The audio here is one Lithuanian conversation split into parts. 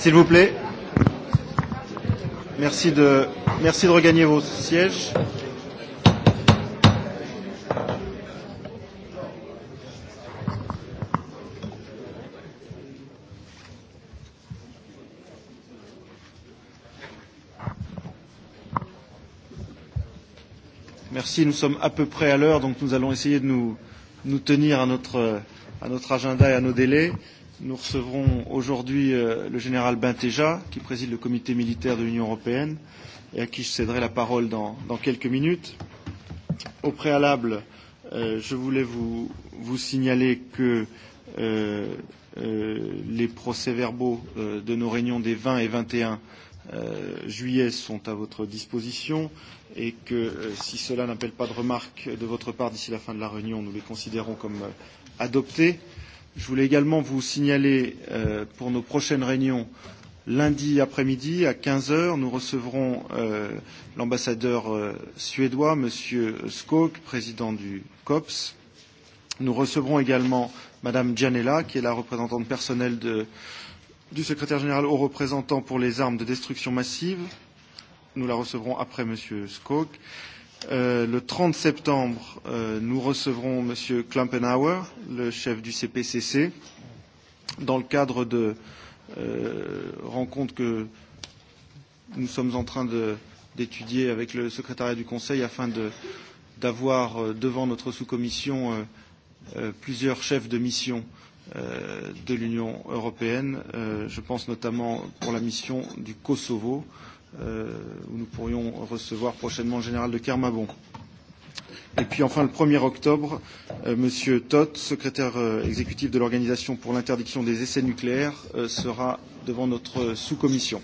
S'il vous plaît. Merci de, merci de regagner vos sièges. Merci, nous sommes à peu près à l'heure, donc nous allons essayer de nous, nous tenir à notre, à notre agenda et à nos délais. Euh, Nous recevrons aujourd'hui euh, le général Benteja, qui préside le comité militaire de l'Union européenne et à qui je céderai la parole dans, dans quelques minutes. Au préalable, euh, je voulais vous, vous signaler que euh, euh, les procès-verbaux euh, de nos réunions des 20 et 21 euh, juillet sont à votre disposition et que euh, si cela n'appelle pas de remarques de votre part d'ici la fin de la réunion, nous les considérons comme euh, adoptés. Je voulais également vous signaler euh, pour nos prochaines réunions lundi après-midi à 15h, nous recevrons euh, l'ambassadeur euh, suédois, M. Skog, président du COPS. Nous recevrons également Mme Gianella, qui est la représentante personnelle de, du secrétaire général au représentant pour les armes de destruction massive. Nous la recevrons après M. Skog. Euh, Euh, le 30 septembre, euh, nous recevrons M. Klumpenauer, le chef du CPCC, dans le cadre de euh, rencontres que nous sommes en train d'étudier avec le secrétariat du Conseil afin d'avoir de, euh, devant notre sous-commission euh, euh, plusieurs chefs de mission euh, de l'Union européenne. Euh, je pense notamment pour la mission du Kosovo. Euh, euh, où nous pourrions recevoir prochainement le général de Kermabon. Et puis enfin, le 1er octobre, euh, M. Todd, secrétaire euh, exécutif de l'Organisation pour l'interdiction des essais nucléaires, euh, sera devant notre sous-commission.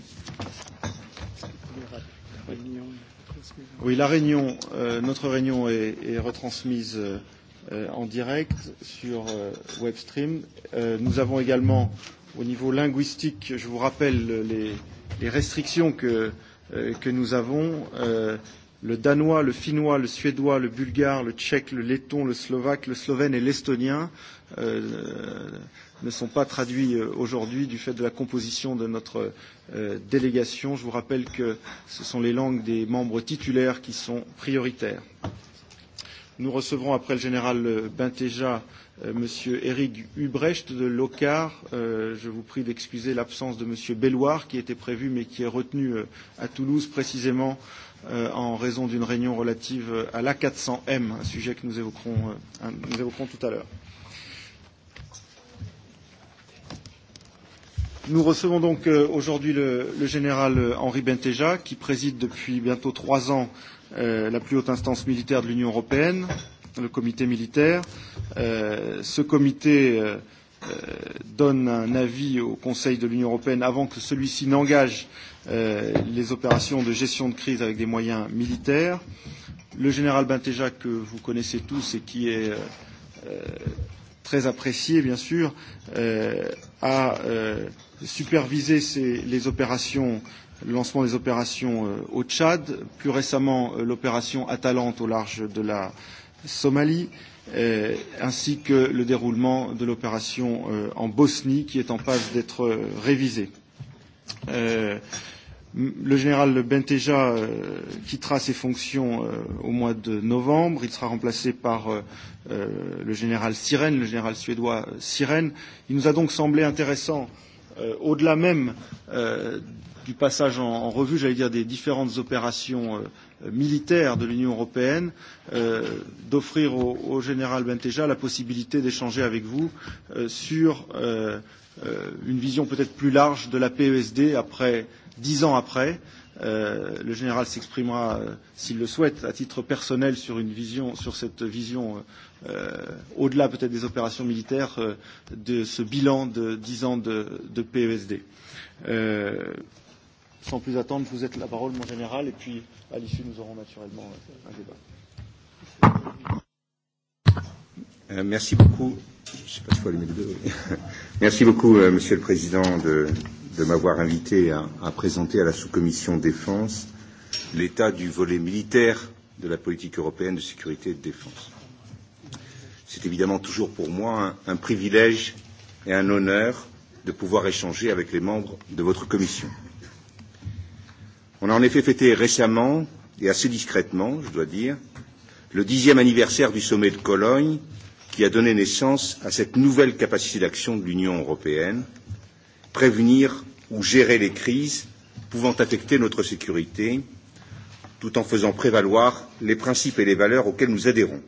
Oui, la réunion, euh, notre réunion est, est retransmise euh, en direct sur euh, Webstream. Euh, nous avons également, au niveau linguistique, je vous rappelle les, euh, les restrictions que, euh, que nous avons, euh, le danois, le finnois, le suédois, le bulgare, le tchèque, le letton, le slovaque, le slovène et l'estonien euh, ne sont pas traduits euh, aujourd'hui du fait de la composition de notre euh, délégation. Je vous rappelle que ce sont les langues des membres titulaires qui sont prioritaires. Euh, Nous recevrons après le général Bintéja euh, Monsieur Éric Hubrecht de l'OCAR. Euh, je vous prie d'excuser l'absence de Monsieur Belloir qui était prévu mais qui est retenu euh, à Toulouse précisément euh, en raison d'une réunion relative à l'A400M, un sujet que nous évoquerons, euh, nous évoquerons tout à l'heure. Nous recevons donc euh, aujourd'hui le, le général Henri Benteja qui préside depuis bientôt trois ans euh, euh, la plus haute instance militaire de l'Union européenne, le comité militaire. Euh, ce comité euh, euh, donne un avis au Conseil de l'Union européenne avant que celui-ci n'engage euh, les opérations de gestion de crise avec des moyens militaires. Le général Bintéja, que vous connaissez tous et qui est euh, euh, très apprécié, bien sûr, euh, a euh, supervisé ces, les opérations euh, le lancement des opérations euh, au Tchad, plus récemment euh, l'opération Atalante au large de la Somalie, euh, ainsi que le déroulement de l'opération euh, en Bosnie qui est en passe d'être euh, révisée. Euh, le général Benteja euh, quittera ses fonctions euh, au mois de novembre. Il sera remplacé par euh, euh, le général Sirène, le général suédois Sirène. Il nous a donc semblé intéressant, euh, au-delà même euh, du passage en, en revue, j'allais dire, des différentes opérations euh, militaires de l'Union européenne, euh, d'offrir au, au général Benteja la possibilité d'échanger avec vous euh, sur euh, euh, une vision peut-être plus large de la PESD après dix ans après. Euh, le général s'exprimera, euh, s'il le souhaite, à titre personnel sur, une vision, sur cette vision, euh, euh au-delà peut-être des opérations militaires, euh, de ce bilan de dix ans de, de PESD. Euh, sans plus attendre, je vous êtes la parole, mon général, et puis à l'issue, nous aurons naturellement euh, un débat. Euh, merci beaucoup. Je sais pas s'il faut allumer les deux. merci beaucoup, euh, Monsieur le Président, de, de m'avoir invité à, à présenter à la sous-commission défense l'état du volet militaire de la politique européenne de sécurité et de défense. C'est évidemment toujours pour moi un, un privilège et un honneur de pouvoir échanger avec les membres de votre commission. Euh, On a en effet fêté récemment, et assez discrètement, je dois dire, le dixième anniversaire du sommet de Cologne, qui a donné naissance à cette nouvelle capacité d'action de l'Union européenne, prévenir ou gérer les crises pouvant affecter notre sécurité, tout en faisant prévaloir les principes et les valeurs auxquels nous adhérons.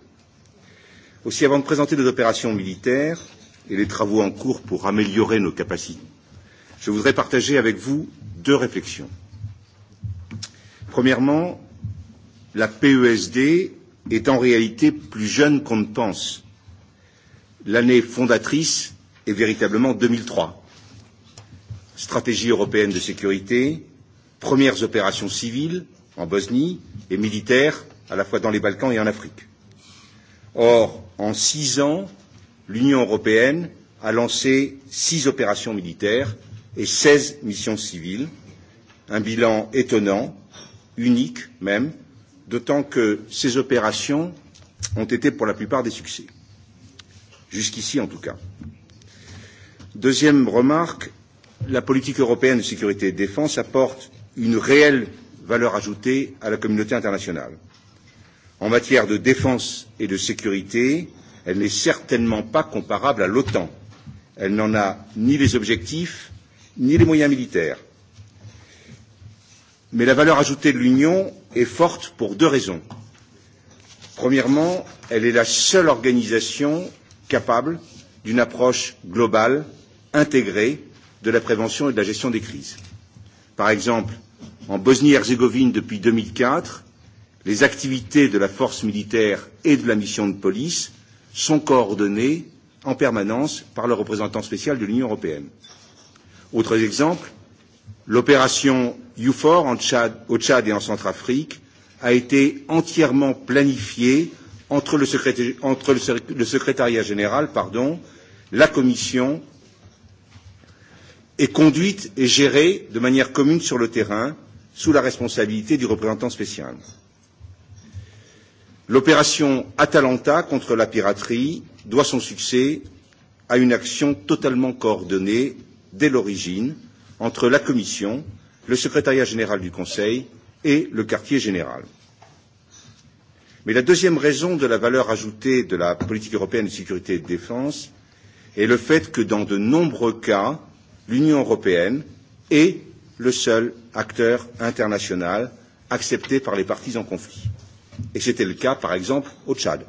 Aussi, avant de présenter nos opérations militaires et les travaux en cours pour améliorer nos capacités, je voudrais partager avec vous deux réflexions. Premièrement, la PESD est en réalité plus jeune qu'on ne pense. L'année fondatrice est véritablement 2003. Stratégie européenne de sécurité, premières opérations civiles en Bosnie et militaires à la fois dans les Balkans et en Afrique. Or, en six ans, l'Union européenne a lancé six opérations militaires et seize missions civiles, un bilan étonnant unique même, d'autant que ces opérations ont été pour la plupart des succès, jusqu'ici en tout cas. Deuxième remarque, la politique européenne de sécurité et de défense apporte une réelle valeur ajoutée à la communauté internationale. En matière de défense et de sécurité, elle n'est certainement pas comparable à l'OTAN. Elle n'en a ni les objectifs ni les moyens militaires. Mais la valeur ajoutée de l'Union est forte pour deux raisons. Premièrement, elle est la seule organisation capable d'une approche globale, intégrée, de la prévention et de la gestion des crises. Par exemple, en Bosnie-Herzégovine depuis 2004, les activités de la force militaire et de la mission de police sont coordonnées en permanence par le représentant spécial de l'Union européenne. Autres exemples, L'opération EUFOR en Tchad, au Tchad et en Centrafrique a été entièrement planifiée entre le, secréta... entre le, le secrétariat général, pardon, la Commission, est conduite et gérée de manière commune sur le terrain, sous la responsabilité du représentant spécial. L'opération Atalanta contre la piraterie doit son succès à une action totalement coordonnée dès l'origine entre la Commission, le secrétariat général du Conseil et le quartier général. Mais la deuxième raison de la valeur ajoutée de la politique européenne de sécurité et de défense est le fait que dans de nombreux cas, l'Union européenne est le seul acteur international accepté par les parties en conflit. Et c'était le cas, par exemple, au Tchad.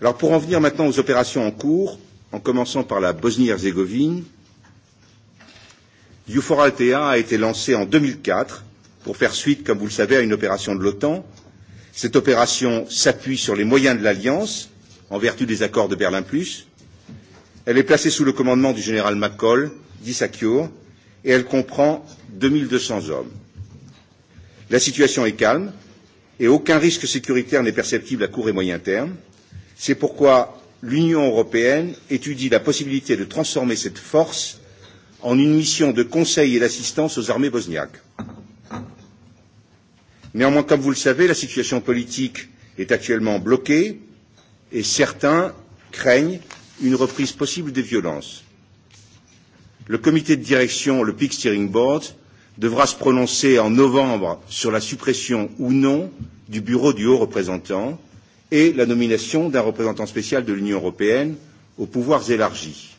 Alors, pour en venir maintenant aux opérations en cours, en commençant par la Bosnie-Herzégovine, Euphor-Althea a été lancé en 2004 pour faire suite, comme vous le savez, à une opération de l'OTAN. Cette opération s'appuie sur les moyens de l'Alliance, en vertu des accords de Berlin Plus. Elle est placée sous le commandement du général McCall, d'Issaquiour, et elle comprend 2200 hommes. La situation est calme et aucun risque sécuritaire n'est perceptible à court et moyen terme. C'est pourquoi l'Union européenne étudie la possibilité de transformer cette force en une mission de conseil et d'assistance aux armées bosniaques. Néanmoins, comme vous le savez, la situation politique est actuellement bloquée et certains craignent une reprise possible des violences. Le comité de direction, le Peak Steering Board, devra se prononcer en novembre sur la suppression ou non du bureau du haut représentant et la nomination d'un représentant spécial de l'Union européenne aux pouvoirs élargis.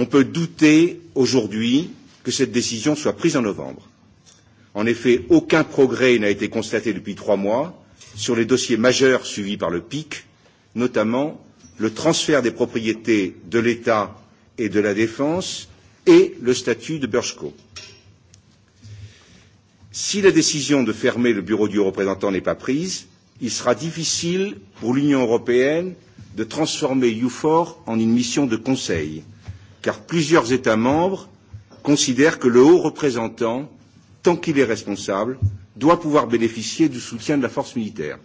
On peut douter aujourd'hui que cette décision soit prise en novembre. En effet, aucun progrès n'a été constaté depuis trois mois sur les dossiers majeurs suivis par le PIC, notamment le transfert des propriétés de l'État et de la Défense et le statut de Burschko. Si la décision de fermer le bureau du représentant n'est pas prise, il sera difficile pour l'Union européenne de transformer EUFOR en une mission de conseil, car plusieurs États membres considèrent que le haut représentant, tant qu'il est responsable, doit pouvoir bénéficier du soutien de la force militaire.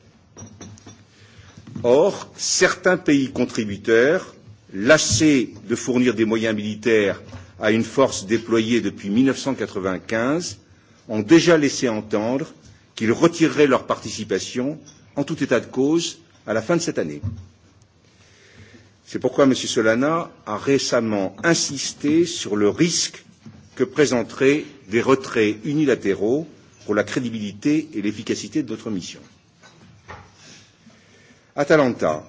Or, certains pays contributeurs, lassés de fournir des moyens militaires à une force déployée depuis 1995, ont déjà laissé entendre qu'ils retireraient leur participation, en tout état de cause, à la fin de cette année. C'est pourquoi M. Solana a récemment insisté sur le risque que présenteraient des retraits unilatéraux pour la crédibilité et l'efficacité de notre mission. Atalanta.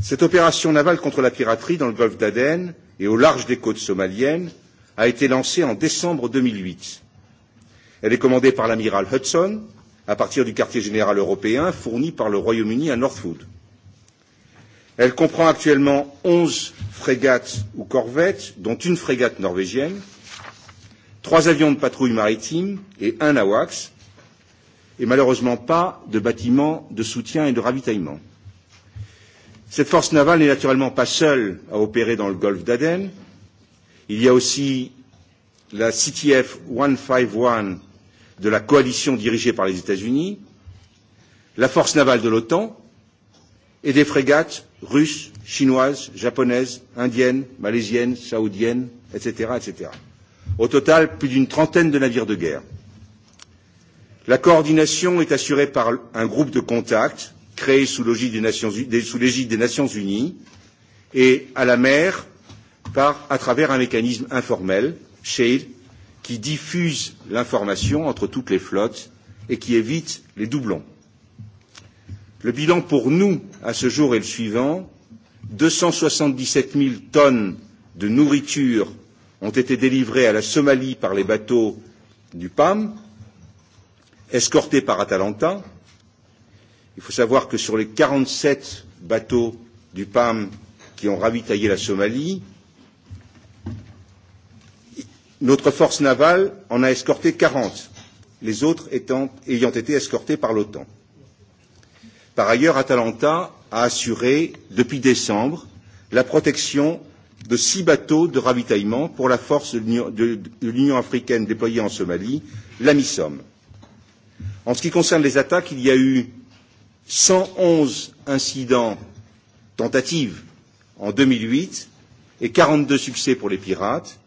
Cette opération navale contre la piraterie dans le golfe d'Aden et au large des côtes somaliennes a été lancée en décembre 2008. Elle est commandée par l'amiral Hudson à partir du quartier général européen fourni par le Royaume-Uni à Northwood. Elle comprend actuellement 11 frégates ou corvettes, dont une frégate norvégienne, trois avions de patrouille maritime et un AWACS, et malheureusement pas de bâtiments de soutien et de ravitaillement. Cette force navale n'est naturellement pas seule à opérer dans le golfe d'Aden. Il y a aussi la CTF 151 de la coalition dirigée par les États-Unis, la force navale de l'OTAN et des frégates russes, chinoises, japonaises, indiennes, malaisiennes, saoudiennes, etc., etc. Au total, plus d'une trentaine de navires de guerre. La coordination est assurée par un groupe de contact créé sous l'égide des Nations, sous des Nations Unies et à la mer par, à travers un mécanisme informel, SHADE, qui diffuse l'information entre toutes les flottes et qui évite les doublons. Le bilan pour nous, à ce jour, est le suivant. 277 000 tonnes de nourriture ont été délivrées à la Somalie par les bateaux du PAM, escortés par Atalanta. Il faut savoir que sur les 47 bateaux du PAM qui ont ravitaillé la Somalie, notre force navale en a escorté 40, les autres étant, ayant été escortés par l'OTAN. Par ailleurs, Atalanta a assuré, depuis décembre, la protection de six bateaux de ravitaillement pour la force de l'Union africaine déployée en Somalie, la MISOM. En ce qui concerne les attaques, il y a eu 111 incidents tentatives en 2008 et 42 succès pour les pirates.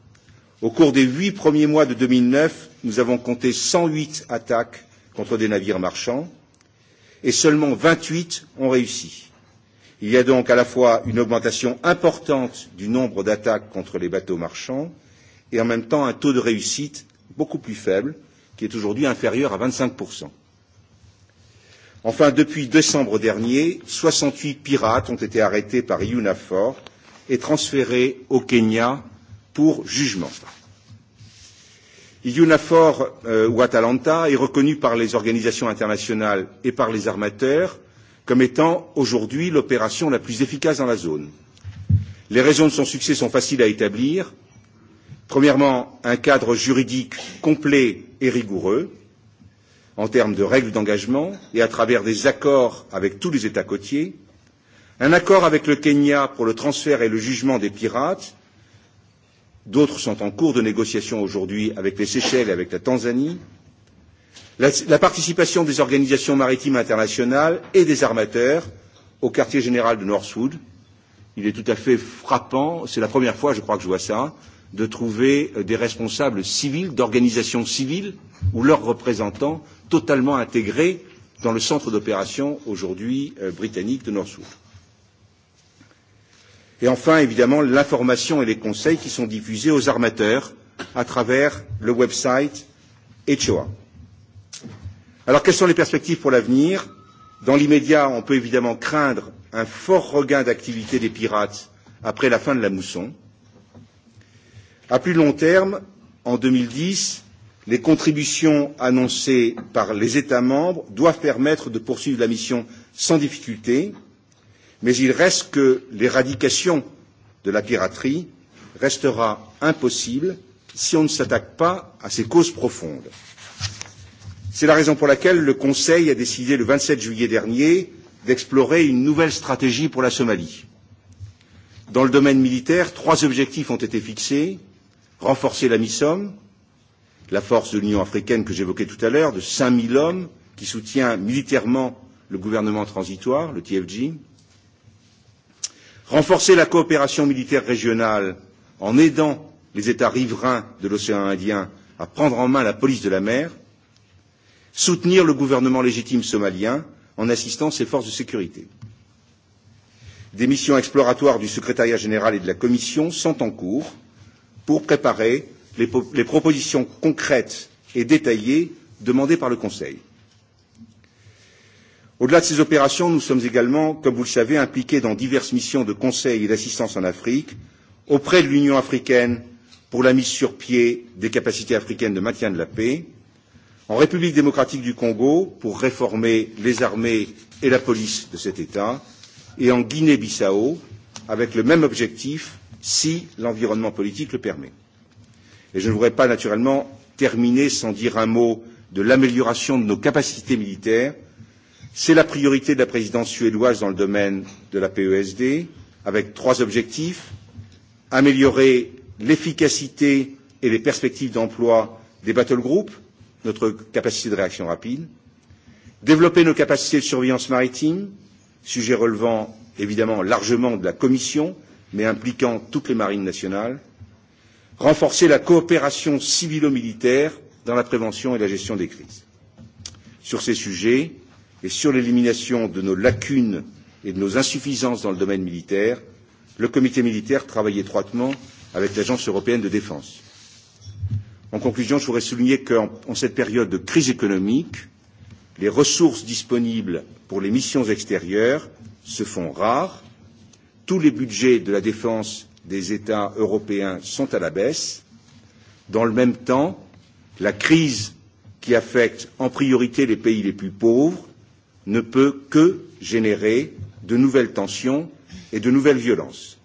Au cours des huit premiers mois de 2009, nous avons compté 108 attaques contre des navires marchands et seulement 28 ont réussi. Il y a donc à la fois une augmentation importante du nombre d'attaques contre les bateaux marchands et en même temps un taux de réussite beaucoup plus faible, qui est aujourd'hui inférieur à 25%. Enfin, depuis décembre dernier, 68 pirates ont été arrêtés par UNAFOR et transférés au Kenya pour jugement. EUNAFOR euh, ou Atalanta est reconnu par les organisations internationales et par les armateurs comme étant aujourd'hui l'opération la plus efficace dans la zone. Les raisons de son succès sont faciles à établir. Premièrement, un cadre juridique complet et rigoureux en termes de règles d'engagement et à travers des accords avec tous les États côtiers, un accord avec le Kenya pour le transfert et le jugement des pirates D'autres sont en cours de négociation aujourd'hui avec les Seychelles et avec la Tanzanie. La, la participation des organisations maritimes internationales et des armateurs au quartier général de Northwood. Il est tout à fait frappant, c'est la première fois, je crois, que je vois ça, de trouver euh, des responsables civils, d'organisations civiles ou leurs représentants totalement intégrés dans le centre d'opération aujourd'hui euh, britannique de Northwood. Et enfin, évidemment, l'information et les conseils qui sont diffusés aux armateurs à travers le website ECHOA. Alors, quelles sont les perspectives pour l'avenir Dans l'immédiat, on peut évidemment craindre un fort regain d'activité des pirates après la fin de la mousson. À plus long terme, en 2010, les contributions annoncées par les États membres doivent permettre de poursuivre la mission sans difficulté, euh, mais il reste que l'éradication de la piraterie restera impossible si on ne s'attaque pas à ses causes profondes. C'est la raison pour laquelle le Conseil a décidé le 27 juillet dernier d'explorer une nouvelle stratégie pour la Somalie. Dans le domaine militaire, trois objectifs ont été fixés renforcer la MISOM, la force de l'Union africaine que j'évoquais tout à l'heure, de 5000 hommes qui soutient militairement le gouvernement transitoire, le TFG, renforcer la coopération militaire régionale en aidant les États riverains de l'océan Indien à prendre en main la police de la mer, soutenir le gouvernement légitime somalien en assistant ses forces de sécurité. Des missions exploratoires du secrétariat général et de la Commission sont en cours pour préparer les, les propositions concrètes et détaillées demandées par le Conseil. Au-delà de ces opérations, nous sommes également, comme vous le savez, impliqués dans diverses missions de conseil et d'assistance en Afrique auprès de l'Union africaine pour la mise sur pied des capacités africaines de maintien de la paix, en République démocratique du Congo pour réformer les armées et la police de cet État, et en Guinée-Bissau avec le même objectif si l'environnement politique le permet. Et je ne voudrais pas naturellement terminer sans dire un mot de l'amélioration de nos capacités militaires C'est la priorité de la présidence suédoise dans le domaine de la PESD, avec trois objectifs améliorer l'efficacité et les perspectives d'emploi des battle groups, notre capacité de réaction rapide, développer nos capacités de surveillance maritime, sujet relevant évidemment largement de la Commission, mais impliquant toutes les marines nationales, renforcer la coopération civilo-militaire dans la prévention et la gestion des crises. Sur ces sujets, et sur l'élimination de nos lacunes et de nos insuffisances dans le domaine militaire, le comité militaire travaille étroitement avec l'Agence européenne de défense. En conclusion, je voudrais souligner qu'en en cette période de crise économique, les ressources disponibles pour les missions extérieures se font rares, tous les budgets de la défense des États européens sont à la baisse. Dans le même temps, la crise qui affecte en priorité les pays les plus pauvres ne peut que générer de nouvelles tensions et de nouvelles violences.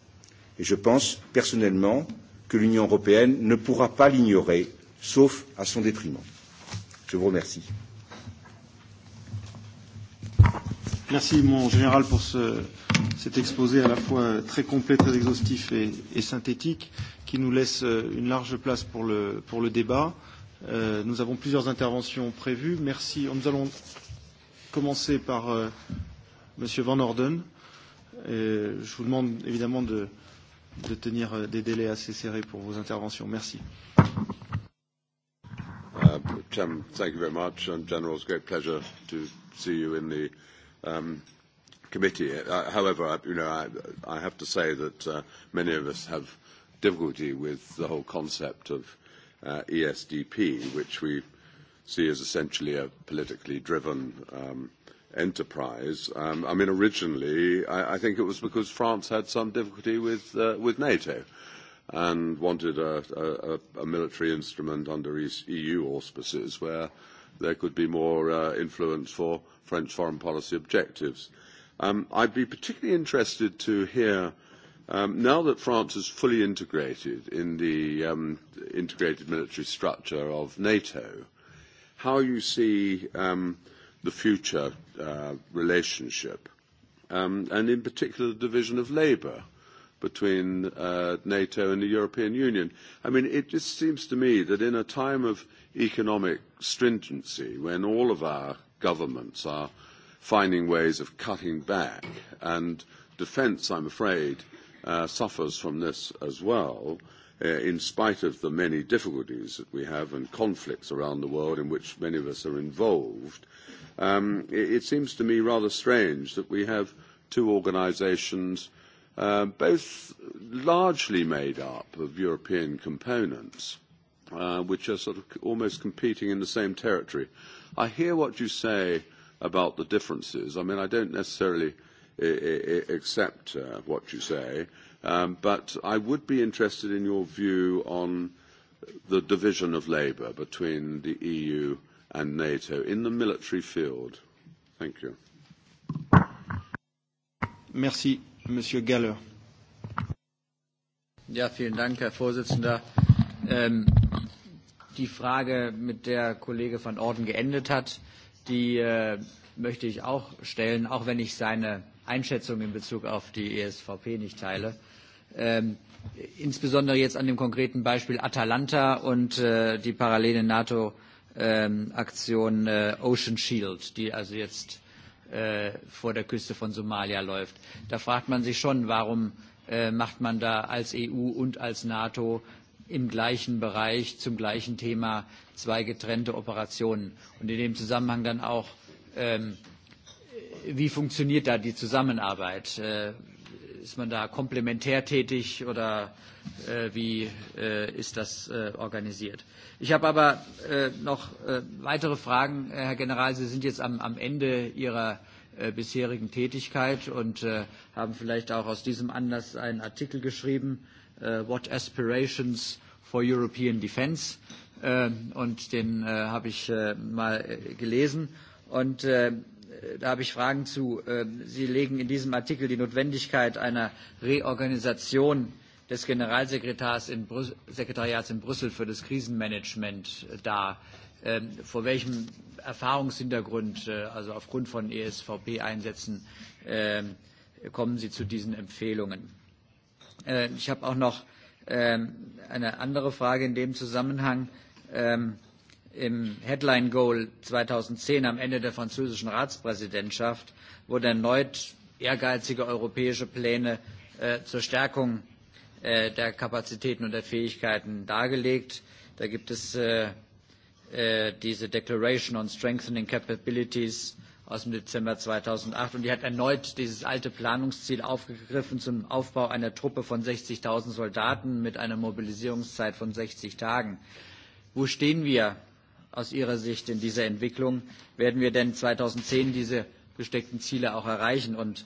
Et je pense personnellement que l'Union européenne ne pourra pas l'ignorer, sauf à son détriment. Je vous remercie. Merci, mon général, pour ce, cet exposé à la fois très complet, très exhaustif et, et synthétique, qui nous laisse euh, une large place pour le, pour le débat. Euh, nous avons plusieurs interventions prévues. Merci. Nous allons commencer par euh, M. Van Orden. Et je vous demande évidemment de, de tenir euh, des délais assez serrés pour vos interventions. Merci. Uh, Chairman, thank you very much. And General, it's a great pleasure to see you in the um, committee. Uh, however, you know, I, I have to say that uh, many of us have difficulty with the whole concept of uh, ESDP, which we see as essentially a politically driven um, enterprise. Um, I mean, originally, I, I think it was because France had some difficulty with, uh, with NATO and wanted a, a, a military instrument under EU e auspices where there could be more uh, influence for French foreign policy objectives. Um, I'd be particularly interested to hear, um, now that France is fully integrated in the um, integrated military structure of NATO, how you see um, the future uh, relationship, um, and in particular the division of labour between uh, NATO and the European Union. I mean, it just seems to me that in a time of economic stringency, when all of our governments are finding ways of cutting back, and defence, I'm afraid, uh, suffers from this as well, uh, uh, in spite of the many difficulties that we have and conflicts around the world in which many of us are involved, um, it, it seems to me rather strange that we have two organisations uh, both largely made up of European components, uh, which are sort of almost competing in the same territory. I hear what you say about the differences. I mean, I don't necessarily uh, uh, uh accept uh, what you say, Um, but I would be interested in your view on the division of labour between the EU and NATO in the military field. Thank you. Merci, Monsieur Galler. Ja, vielen Dank, Herr Vorsitzender. Ähm, die Frage, mit der Kollege van Orden geendet hat, die äh, möchte ich auch stellen, auch wenn ich seine Einschätzung in Bezug auf die ESVP nicht teile. Äh, Ähm, insbesondere jetzt an dem konkreten Beispiel Atalanta und äh, die parallele NATO-Aktion ähm, äh, Ocean Shield, die also jetzt äh, vor der Küste von Somalia läuft. Da fragt man sich schon, warum äh, macht man da als EU und als NATO im gleichen Bereich zum gleichen Thema zwei getrennte Operationen und in dem Zusammenhang dann auch ähm, wie funktioniert da die Zusammenarbeit? Äh, ist man da komplementär tätig oder äh, wie äh, ist das äh, organisiert? Ich habe aber äh, noch äh, weitere Fragen, äh, Herr General. Sie sind jetzt am, am Ende Ihrer äh, bisherigen Tätigkeit und äh, haben vielleicht auch aus diesem Anlass einen Artikel geschrieben, äh, What Aspirations for European Defense. Äh, und den äh, habe ich äh, mal äh, gelesen. Und äh, da habe ich Fragen zu. Ähm, Sie legen in diesem Artikel die Notwendigkeit einer Reorganisation des Generalsekretariats in, Brüssel, Sekretariats in Brüssel für das Krisenmanagement äh, dar. Ähm, vor welchem Erfahrungshintergrund, äh, also aufgrund von ESVP-Einsätzen, ähm, kommen Sie zu diesen Empfehlungen? Ich habe auch noch eine andere Frage in dem Zusammenhang im Headline Goal 2010 am Ende der französischen Ratspräsidentschaft wurden erneut ehrgeizige europäische Pläne äh, zur Stärkung äh, der Kapazitäten und der Fähigkeiten dargelegt. Da gibt es äh, äh, diese Declaration on Strengthening Capabilities aus dem Dezember 2008 und die hat erneut dieses alte Planungsziel aufgegriffen zum Aufbau einer Truppe von 60.000 Soldaten mit einer Mobilisierungszeit von 60 Tagen. Wo stehen wir aus Ihrer Sicht in dieser Entwicklung? Werden wir denn 2010 diese gesteckten Ziele auch erreichen? Und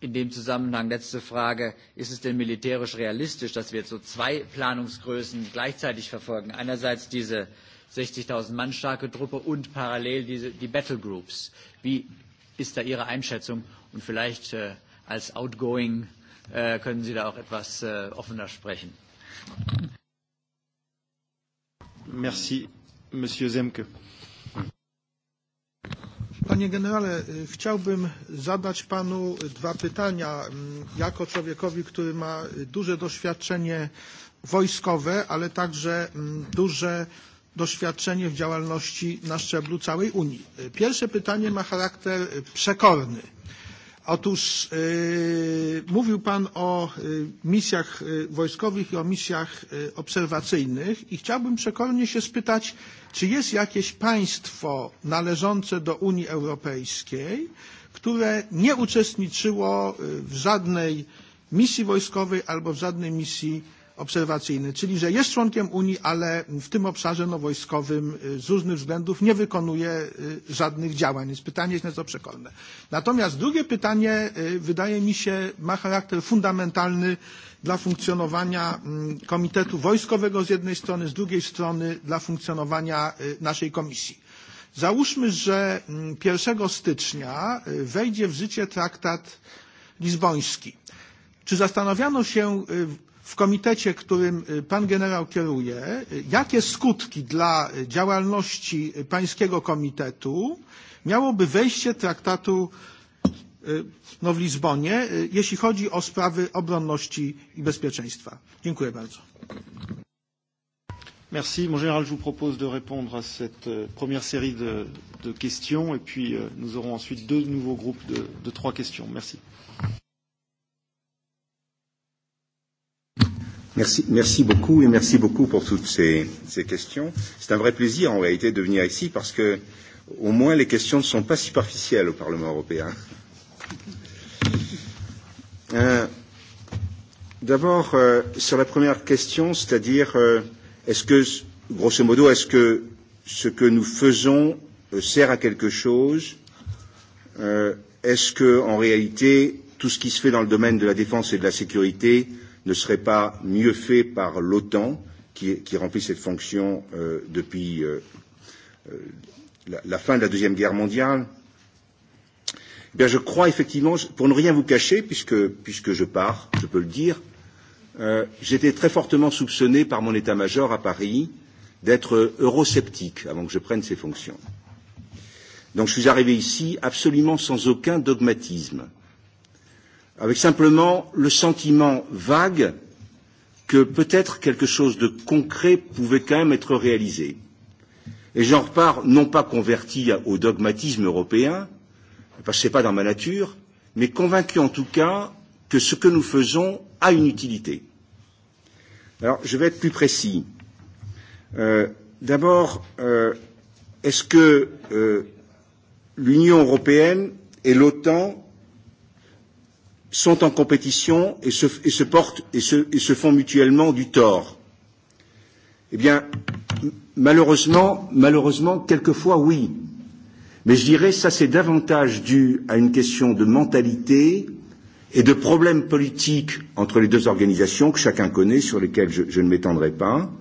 in dem Zusammenhang letzte Frage, ist es denn militärisch realistisch, dass wir jetzt so zwei Planungsgrößen gleichzeitig verfolgen? Einerseits diese 60.000 Mann starke Truppe und parallel diese, die Battlegroups. Wie ist da Ihre Einschätzung? Und vielleicht äh, als Outgoing äh, können Sie da auch etwas äh, offener sprechen. Merci. Monsieur Zemke. Panie generale, chciałbym zadać panu dwa pytania mm, jako człowiekowi, który ma duże doświadczenie wojskowe, ale także mm, duże doświadczenie w działalności na szczeblu całej Unii. Pierwsze pytanie ma charakter przekorny. Otóż yy, e, mówił Pan o y, e, misjach y, e, wojskowych i o misjach y, obserwacyjnych i chciałbym przekornie się spytać, czy jest jakieś państwo należące do Unii Europejskiej, które nie uczestniczyło w żadnej misji wojskowej albo w żadnej misji obserwacyjny, czyli że jest członkiem Unii, ale w tym obszarze no, wojskowym z różnych względów nie wykonuje żadnych działań. Więc pytanie jest nieco przekorne. Natomiast drugie pytanie wydaje mi się ma charakter fundamentalny dla funkcjonowania mm, Komitetu Wojskowego z jednej strony, z drugiej strony dla funkcjonowania naszej komisji. Załóżmy, że 1 mm, stycznia wejdzie w życie traktat lizboński. Czy zastanawiano się w komitecie, którym pan generał kieruje, jakie skutki dla działalności pańskiego komitetu miałoby wejście traktatu no, w Lizbonie, jeśli chodzi o sprawy obronności i bezpieczeństwa. Dziękuję bardzo. Merci. Mon général, je vous propose de répondre à cette euh, première série de, de questions et puis euh, nous aurons ensuite deux nouveaux groupes de, de trois questions. Merci. Merci, merci beaucoup et merci beaucoup pour toutes ces, ces questions. C'est un vrai plaisir en réalité de venir ici parce que au moins les questions ne sont pas superficielles au Parlement européen. Euh, D'abord, euh, sur la première question, c'est-à-dire, euh, est-ce euh, que, grosso modo, est-ce que ce que nous faisons euh, sert à quelque chose euh, Est-ce que, en réalité, tout ce qui se fait dans le domaine de la défense et de la sécurité euh, ne serait pas mieux fait par l'OTAN, qui, qui remplit cette fonction euh, depuis euh, euh, la, la fin de la Deuxième Guerre mondiale eh bien, Je crois effectivement, pour ne rien vous cacher, puisque, puisque je pars, je peux le dire, euh, j'étais très fortement soupçonné par mon état-major à Paris d'être eurosceptique avant que je prenne ces fonctions. Donc je suis arrivé ici absolument sans aucun dogmatisme avec simplement le sentiment vague que peut-être quelque chose de concret pouvait quand même être réalisé. Et j'en repars non pas converti au dogmatisme européen, parce que ce n'est pas dans ma nature, mais convaincu en tout cas que ce que nous faisons a une utilité. Alors, je vais être plus précis. Euh, D'abord, euh, est-ce euh, que euh, l'Union européenne et l'OTAN sont en compétition et se, et se portent et se, et se font mutuellement du tort. Eh bien, malheureusement, malheureusement, quelquefois oui. Mais je dirais ça c'est davantage dû à une question de mentalité et de problèmes politiques entre les deux organisations que chacun connaît, sur lesquels je, je ne m'étendrai pas,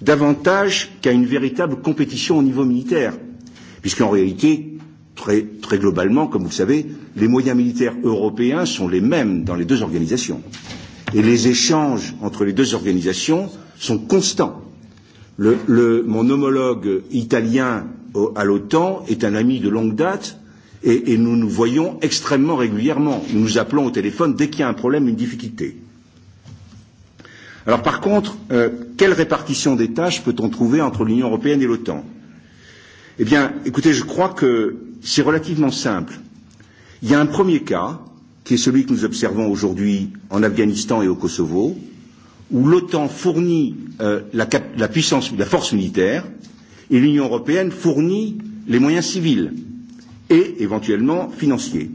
davantage qu'à une véritable compétition au niveau militaire, puisqu'en réalité, Très, très globalement, comme vous le savez, les moyens militaires européens sont les mêmes dans les deux organisations. Et les échanges entre les deux organisations sont constants. Le, le, mon homologue italien au, à l'OTAN est un ami de longue date et, et nous nous voyons extrêmement régulièrement. Nous nous appelons au téléphone dès qu'il y a un problème, une difficulté. Alors par contre, euh, quelle répartition des tâches peut-on trouver entre l'Union européenne et l'OTAN Eh bien, écoutez, je crois que c'est relativement simple. Il y a un premier cas, qui est celui que nous observons aujourd'hui en Afghanistan et au Kosovo, où l'OTAN fournit euh, la, cap la puissance, la force militaire, et l'Union européenne fournit les moyens civils et éventuellement financiers.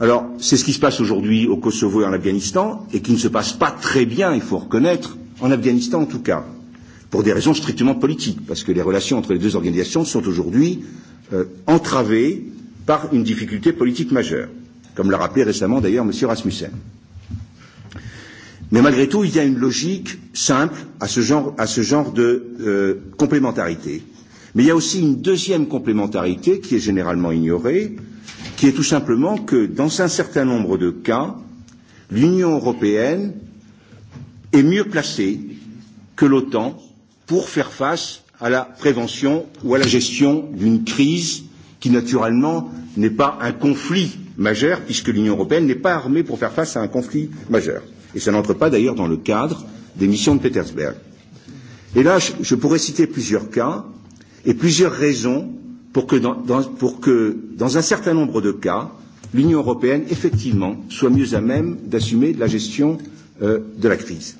Alors, c'est ce qui se passe aujourd'hui au Kosovo et en Afghanistan, et qui ne se passe pas très bien, il faut reconnaître, en Afghanistan en tout cas pour des raisons strictement politiques, parce que les relations entre les deux organisations sont aujourd'hui euh, entravées par une difficulté politique majeure, comme l'a rappelé récemment d'ailleurs M. Rasmussen. Mais malgré tout, il y a une logique simple à ce genre, à ce genre de euh, complémentarité. Mais il y a aussi une deuxième complémentarité qui est généralement ignorée, qui est tout simplement que dans un certain nombre de cas, l'Union européenne est mieux placée que l'OTAN pour faire face à la prévention ou à la gestion d'une crise qui, naturellement, n'est pas un conflit majeur, puisque l'Union européenne n'est pas armée pour faire face à un conflit majeur. Et ça n'entre pas d'ailleurs dans le cadre des missions de Petersberg. Et là, je, je pourrais citer plusieurs cas et plusieurs raisons pour que dans, dans, pour que, dans un certain nombre de cas, l'Union européenne, effectivement, soit mieux à même d'assumer la gestion euh, de la crise.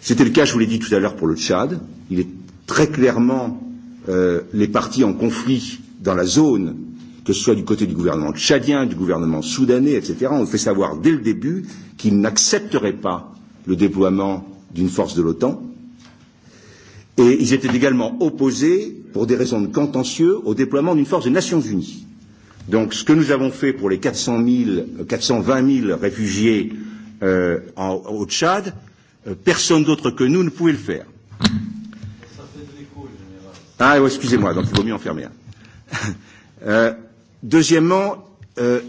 C'était le cas, je vous l'ai dit tout à l'heure, pour le Tchad. Il est très clairement euh, les partis en conflit dans la zone, que ce soit du côté du gouvernement tchadien, du gouvernement soudanais, etc., ont fait savoir dès le début qu'ils n'accepteraient pas le déploiement d'une force de l'OTAN. Et ils étaient également opposés, pour des raisons de contentieux, au déploiement d'une force des Nations Unies. Donc ce que nous avons fait pour les 400 000, 420 000 réfugiés euh, en, au Tchad, Euh, personne d'autre que nous ne pouvait le faire. Ah oui, excusez-moi, donc il vaut mieux en fermer un. euh, deuxièmement, euh,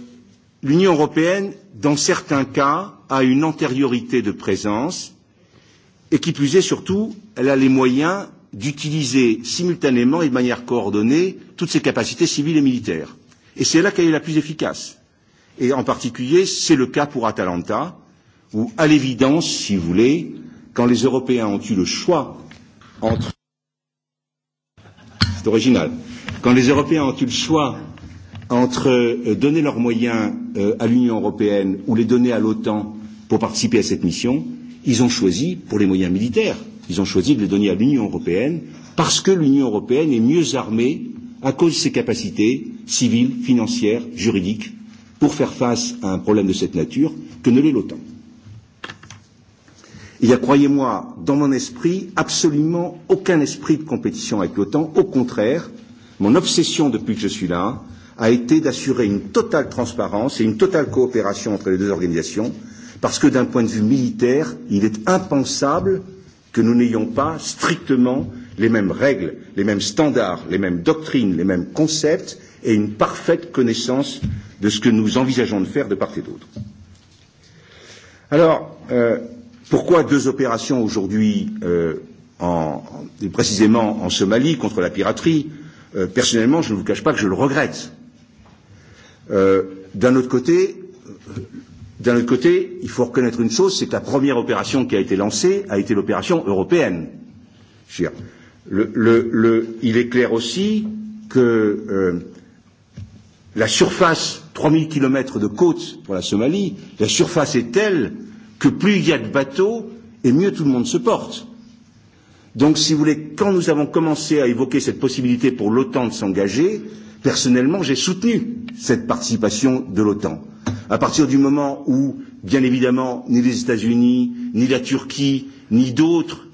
l'Union européenne, dans certains cas, a une antériorité de présence et qui plus est surtout, elle a les moyens d'utiliser simultanément et de manière coordonnée toutes ses capacités civiles et militaires. Et c'est là qu'elle est la plus efficace. Et en particulier, c'est le cas pour Atalanta, où, à l'évidence, si vous voulez, quand les Européens ont eu le choix entre c'est original quand les Européens ont eu le choix entre euh, donner leurs moyens euh, à l'Union européenne ou les donner à l'OTAN pour participer à cette mission, ils ont choisi pour les moyens militaires, ils ont choisi de les donner à l'Union européenne parce que l'Union européenne est mieux armée à cause de ses capacités civiles, financières, juridiques pour faire face à un problème de cette nature que ne l'est l'OTAN. Il y a, croyez-moi, dans mon esprit, absolument aucun esprit de compétition avec l'OTAN. Au contraire, mon obsession depuis que je suis là a été d'assurer une totale transparence et une totale coopération entre les deux organisations, parce que d'un point de vue militaire, il est impensable que nous n'ayons pas strictement les mêmes règles, les mêmes standards, les mêmes doctrines, les mêmes concepts et une parfaite connaissance de ce que nous envisageons de faire de part et d'autre. Alors, euh, Pourquoi deux opérations aujourd'hui, euh, en, en, précisément en Somalie, contre la piraterie euh, Personnellement, je ne vous cache pas que je le regrette. Euh, d'un autre côté, euh, d'un autre côté, il faut reconnaître une chose, c'est que la première opération qui a été lancée a été l'opération européenne. Je veux dire, le, le, le, il est clair aussi que euh, la surface, 3000 kilomètres de côte pour la Somalie, la surface est telle que plus il y a de bateaux, et mieux tout le monde se porte. Donc, si vous voulez, quand nous avons commencé à évoquer cette possibilité pour l'OTAN de s'engager, personnellement, j'ai soutenu cette participation de l'OTAN. À partir du moment où, bien évidemment, ni les États-Unis, ni la Turquie, ni d'autres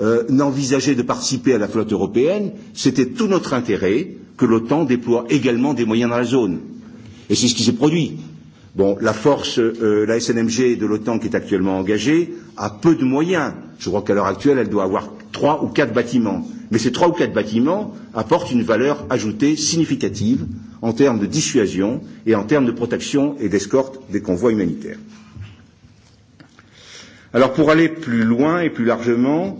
euh, n'envisageaient de participer à la flotte européenne, c'était tout notre intérêt que l'OTAN déploie également des moyens dans la zone. Et c'est ce qui s'est produit. Bon, la force, euh, la SNMG de l'OTAN qui est actuellement engagée, a peu de moyens. Je crois qu'à l'heure actuelle, elle doit avoir trois ou quatre bâtiments. Mais ces trois ou quatre bâtiments apportent une valeur ajoutée significative en termes de dissuasion et en termes de protection et d'escorte des convois humanitaires. Alors pour aller plus loin et plus largement,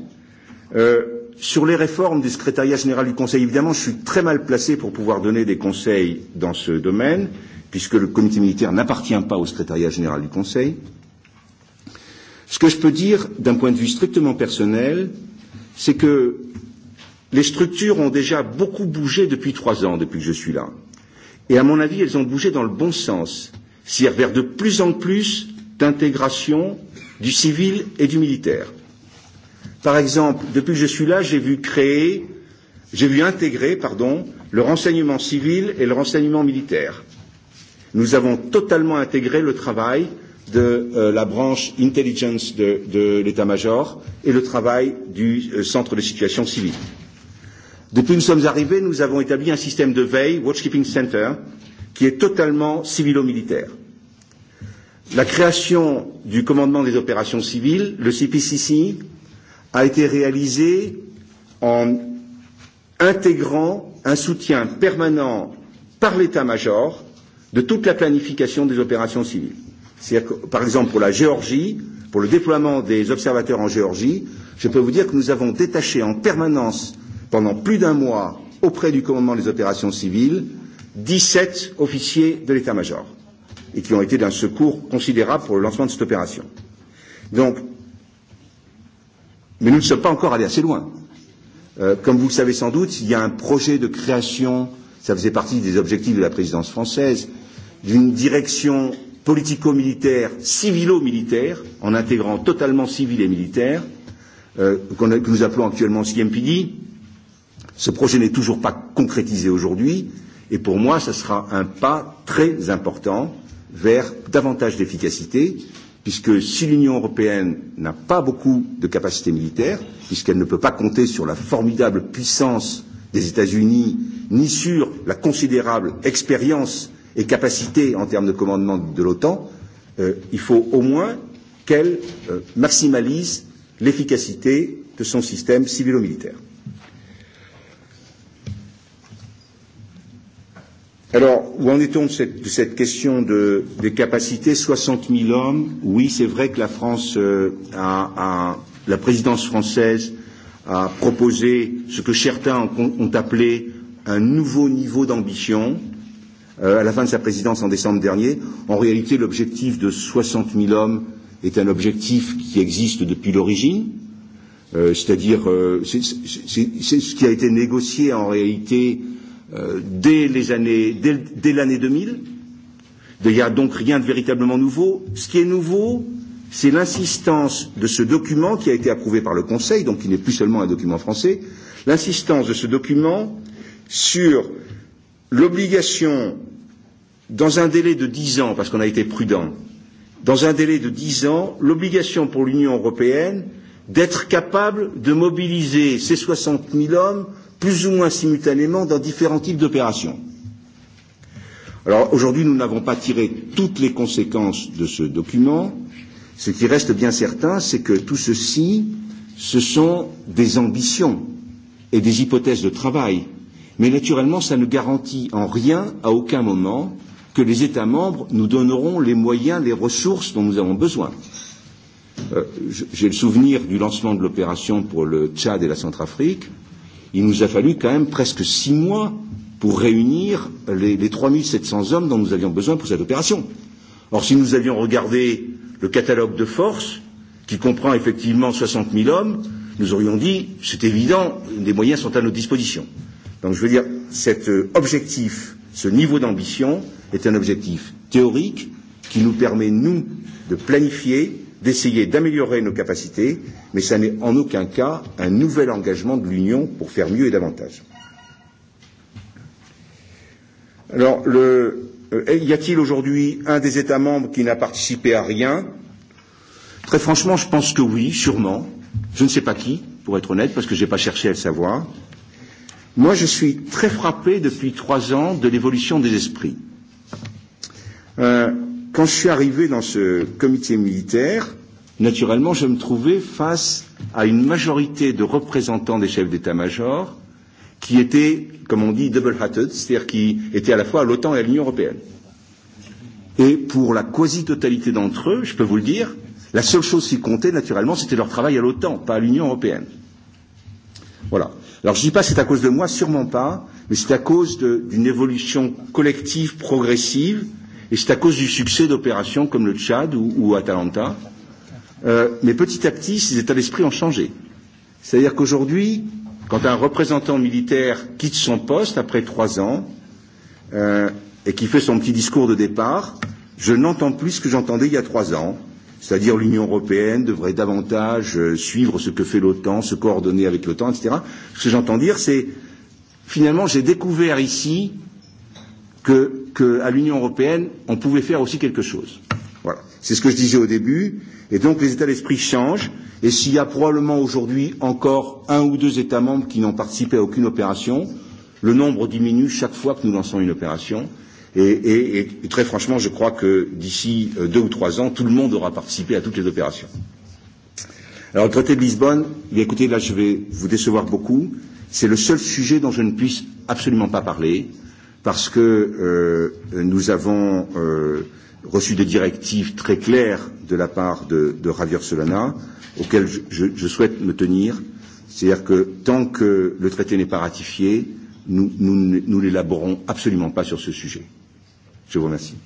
euh, sur les réformes du secrétariat général du Conseil, évidemment, je suis très mal placé pour pouvoir donner des conseils dans ce domaine. Euh, puisque le comité militaire n'appartient pas au secrétariat général du Conseil. Ce que je peux dire d'un point de vue strictement personnel, c'est que les structures ont déjà beaucoup bougé depuis trois ans, depuis que je suis là. Et à mon avis, elles ont bougé dans le bon sens, c'est-à-dire vers de plus en plus d'intégration du civil et du militaire. Par exemple, depuis que je suis là, j'ai vu créer, j'ai vu intégrer, pardon, le renseignement civil et le renseignement militaire. Euh, Nous avons totalement intégré le travail de euh, la branche intelligence de, de l'état-major et le travail du euh, centre de situation civile. Depuis que nous sommes arrivés, nous avons établi un système de veille, Watchkeeping Center, qui est totalement civilo-militaire. La création du commandement des opérations civiles, le CPCC, a été réalisée en intégrant un soutien permanent par l'état-major de toute la planification des opérations civiles. Que, par exemple, pour la Géorgie, pour le déploiement des observateurs en Géorgie, je peux vous dire que nous avons détaché en permanence, pendant plus d'un mois, auprès du commandement des opérations civiles, 17 officiers de l'état-major, et qui ont été d'un secours considérable pour le lancement de cette opération. Donc, mais nous ne sommes pas encore allés assez loin. Euh, comme vous le savez sans doute, il y a un projet de création, ça faisait partie des objectifs de la présidence française, d'une direction politico-militaire, civilo-militaire, en intégrant totalement civils et militaires, euh, qu'on a, que nous appelons actuellement CMPD. Ce projet n'est toujours pas concrétisé aujourd'hui, et pour moi, ce sera un pas très important vers davantage d'efficacité, puisque si l'Union européenne n'a pas beaucoup de capacités militaires, puisqu'elle ne peut pas compter sur la formidable puissance des États-Unis, ni sur la considérable expérience et capacité en termes de commandement de l'OTAN, euh, il faut au moins qu'elle euh, maximalise l'efficacité de son système civilo-militaire. Alors, où en est-on de cette, de cette question de, des capacités 60 000 hommes, oui, c'est vrai que la France euh, a, a, la présidence française a proposé ce que certains ont, ont appelé un nouveau niveau d'ambition, euh, à la fin de sa présidence en décembre dernier. En réalité, l'objectif de 60 000 hommes est un objectif qui existe depuis l'origine, euh, c'est-à-dire euh, c'est ce qui a été négocié en réalité euh, dès les années, dès, dès l'année 2000. Il n'y a donc rien de véritablement nouveau. Ce qui est nouveau, c'est l'insistance de ce document qui a été approuvé par le Conseil, donc qui n'est plus seulement un document français, l'insistance de ce document sur l'obligation dans un délai de dix ans, parce qu'on a été prudent, dans un délai de dix ans, l'obligation pour l'Union européenne d'être capable de mobiliser ces 60 000 hommes plus ou moins simultanément dans différents types d'opérations. Alors aujourd'hui, nous n'avons pas tiré toutes les conséquences de ce document. Ce qui reste bien certain, c'est que tout ceci, ce sont des ambitions et des hypothèses de travail. Mais naturellement, ça ne garantit en rien, à aucun moment, euh, que les États membres nous donneront les moyens, les ressources dont nous avons besoin. Euh, J'ai le souvenir du lancement de l'opération pour le Tchad et la Centrafrique. Il nous a fallu quand même presque six mois pour réunir les, les 3700 hommes dont nous avions besoin pour cette opération. Or, si nous avions regardé le catalogue de forces, qui comprend effectivement 60 000 hommes, nous aurions dit, c'est évident, les moyens sont à notre disposition. Euh, Donc je veux dire, cet euh, objectif, ce niveau d'ambition est un objectif théorique qui nous permet, nous, de planifier, d'essayer d'améliorer nos capacités, mais ça n'est en aucun cas un nouvel engagement de l'Union pour faire mieux et davantage. Alors, le, euh, y a-t-il aujourd'hui un des États membres qui n'a participé à rien Très franchement, je pense que oui, sûrement. Je ne sais pas qui, pour être honnête, parce que je n'ai pas cherché à le savoir. Euh, Moi, je suis très frappé depuis trois ans de l'évolution des esprits. Euh, quand je suis arrivé dans ce comité militaire, naturellement, je me trouvais face à une majorité de représentants des chefs d'état-major qui étaient, comme on dit, double-hatted, c'est-à-dire qui étaient à la fois à l'OTAN et à l'Union européenne. Et pour la quasi-totalité d'entre eux, je peux vous le dire, la seule chose qui comptait, naturellement, c'était leur travail à l'OTAN, pas à l'Union européenne. Voilà. Alors je ne dis pas c'est à cause de moi, sûrement pas, mais c'est à cause d'une évolution collective progressive et c'est à cause du succès d'opérations comme le Tchad ou, ou Atalanta. Euh, mais petit à petit, ces états d'esprit ont changé. C'est-à-dire qu'aujourd'hui, quand un représentant militaire quitte son poste après trois ans euh, et qui fait son petit discours de départ, je n'entends plus ce que j'entendais il y a trois ans c'est-à-dire l'Union européenne devrait davantage euh, suivre ce que fait l'OTAN, se coordonner avec l'OTAN, etc. Ce que j'entends dire, c'est finalement j'ai découvert ici que, que à l'Union européenne, on pouvait faire aussi quelque chose. Voilà. C'est ce que je disais au début. Et donc les états d'esprit changent. Et s'il y a probablement aujourd'hui encore un ou deux États membres qui n'ont participé à aucune opération, le nombre diminue chaque fois que nous lançons une opération. Et, et, et très franchement, je crois que d'ici euh, deux ou trois ans, tout le monde aura participé à toutes les opérations. Alors le traité de Lisbonne, bien, écoutez, là je vais vous décevoir beaucoup, c'est le seul sujet dont je ne puisse absolument pas parler, parce que euh, nous avons euh, reçu des directives très claires de la part de, de Javier Solana, auxquelles je, je, je souhaite me tenir, c'est-à-dire que tant que le traité n'est pas ratifié, nous, nous, nous n'élaborons absolument pas sur ce sujet. Je vous remercie.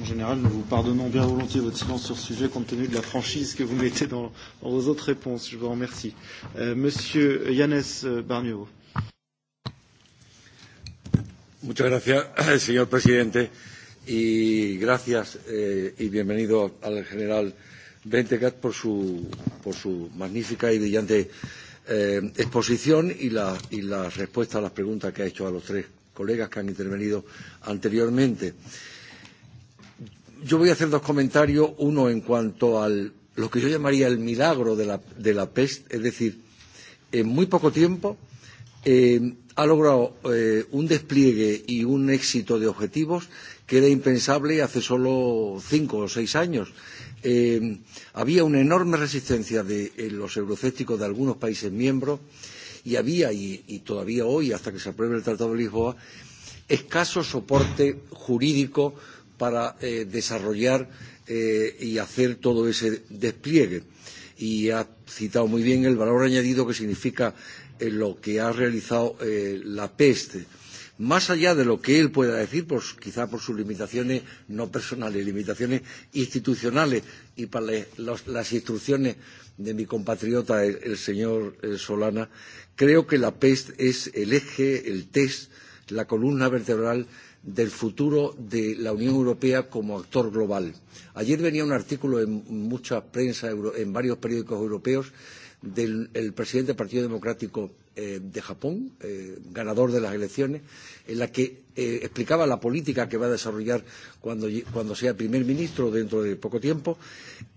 En général, nous vous pardonnons bien volontiers votre silence sur ce sujet compte tenu de la franchise que vous mettez dans, dans vos autres réponses. Je vous remercie. Euh, Monsieur Yanès euh, Barnier. Muchas gracias, señor presidente, y gracias eh, y bienvenido al general Bentecat por su, por su magnífica y brillante eh, exposición y, la, y las respuestas a las preguntas que ha hecho a los tres colegas que han intervenido anteriormente. Yo voy a hacer dos comentarios, uno en cuanto a lo que yo llamaría el milagro de la, de la peste, es decir, en muy poco tiempo eh, ha logrado eh, un despliegue y un éxito de objetivos que era impensable hace solo cinco o seis años. Eh, había una enorme resistencia de eh, los eurocépticos de algunos países miembros. Eh, y había, y, y todavía hoy, hasta que se apruebe el Tratado de Lisboa, escaso soporte jurídico para eh, desarrollar eh, y hacer todo ese despliegue. Y ha citado muy bien el valor añadido que significa eh, lo que ha realizado eh, la peste. Más allá de lo que él pueda decir, pues, quizá por sus limitaciones no personales, limitaciones institucionales y para le, los, las instrucciones de mi compatriota, el, el señor eh, Solana, eh, Creo que la PES es el eje, el test, la columna vertebral del futuro de la Unión Europea como actor global. Ayer venía un artículo en mucha prensa, en varios periódicos europeos, del el presidente del Partido Democrático eh, de Japón, eh, ganador de las elecciones, en la que eh, explicaba la política que va a desarrollar cuando, cuando sea primer ministro dentro de poco tiempo.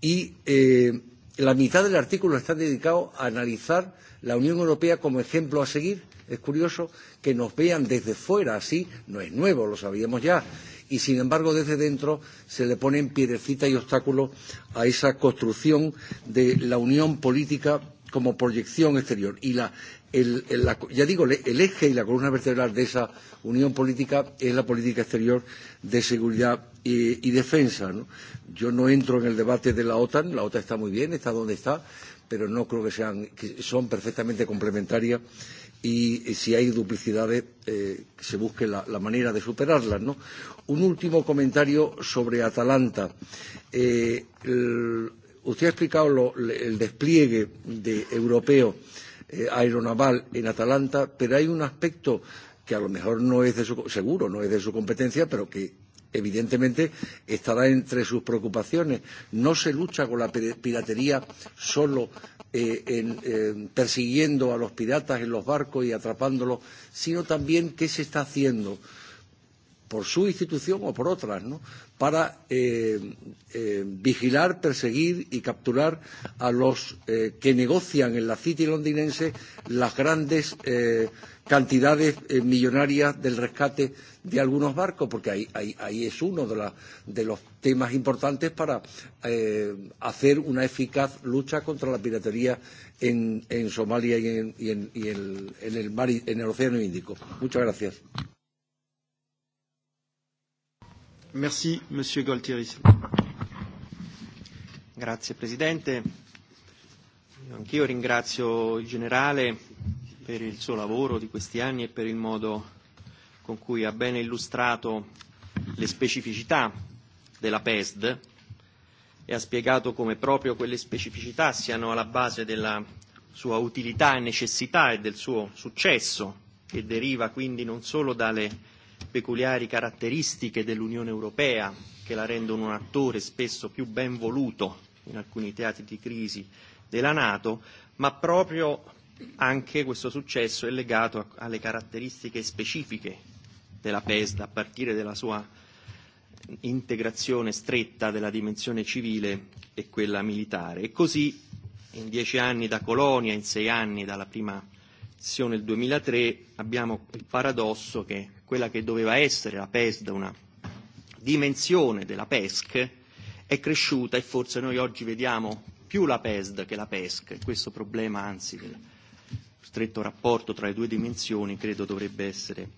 Y eh, la mitad del artículo está dedicado a analizar la Unión Europea como ejemplo a seguir. Es curioso que nos vean desde fuera así, no es nuevo, lo sabíamos ya. Y sin embargo, desde dentro se le ponen piedrecitas y obstáculos a esa construcción de la unión política como proyección exterior. Y la, el, el, la, ya digo, el eje y la columna vertebral de esa unión política es la política exterior de seguridad y, y defensa. ¿no? Yo no entro en el debate de la OTAN, la OTAN está muy bien, está donde está, pero no creo que sean, que son perfectamente complementarias y, y si hay duplicidades eh, se busque la, la manera de superarlas. ¿no? Un último comentario sobre Atalanta. Eh, el, usted ha explicado lo, el despliegue de europeo eh, aeronaval en Atalanta, pero hay un aspecto que a lo mejor no es de su, seguro, no es de su competencia, pero que evidentemente estará entre sus preocupaciones. No se lucha con la piratería solo eh, en, eh, persiguiendo a los piratas en los barcos y atrapándolos, sino también qué se está haciendo por su institución o por otras, ¿no? para eh, eh, vigilar, perseguir y capturar a los eh, que negocian en la City londinense las grandes eh, cantidades eh, millonarias del rescate de algunos barcos, porque ahí, ahí, ahí es uno de, la, de los temas importantes para eh, hacer una eficaz lucha contra la piratería en, en Somalia y, en, y, en, y el, en, el mar, en el Océano Índico. Muchas gracias. Merci, Monsieur Gualtieri. Grazie Presidente. Anch'io ringrazio il Generale per il suo lavoro di questi anni e per il modo con cui ha bene illustrato le specificità della PESD e ha spiegato come proprio quelle specificità siano alla base della sua utilità e necessità e del suo successo, che deriva quindi non solo dalle peculiari caratteristiche dell'Unione Europea, che la rendono un attore spesso più ben voluto in alcuni teatri di crisi della Nato, ma proprio anche questo successo è legato a, alle caratteristiche specifiche della PESD, a partire dalla sua integrazione stretta della dimensione civile e quella militare. E così, in dieci anni da Colonia, in sei anni dalla prima sessione del 2003, abbiamo il paradosso che quella che doveva essere la PESD, una dimensione della PESC, è cresciuta e forse noi oggi vediamo più la PESD che la PESC, questo problema anzi del stretto rapporto tra le due dimensioni credo dovrebbe essere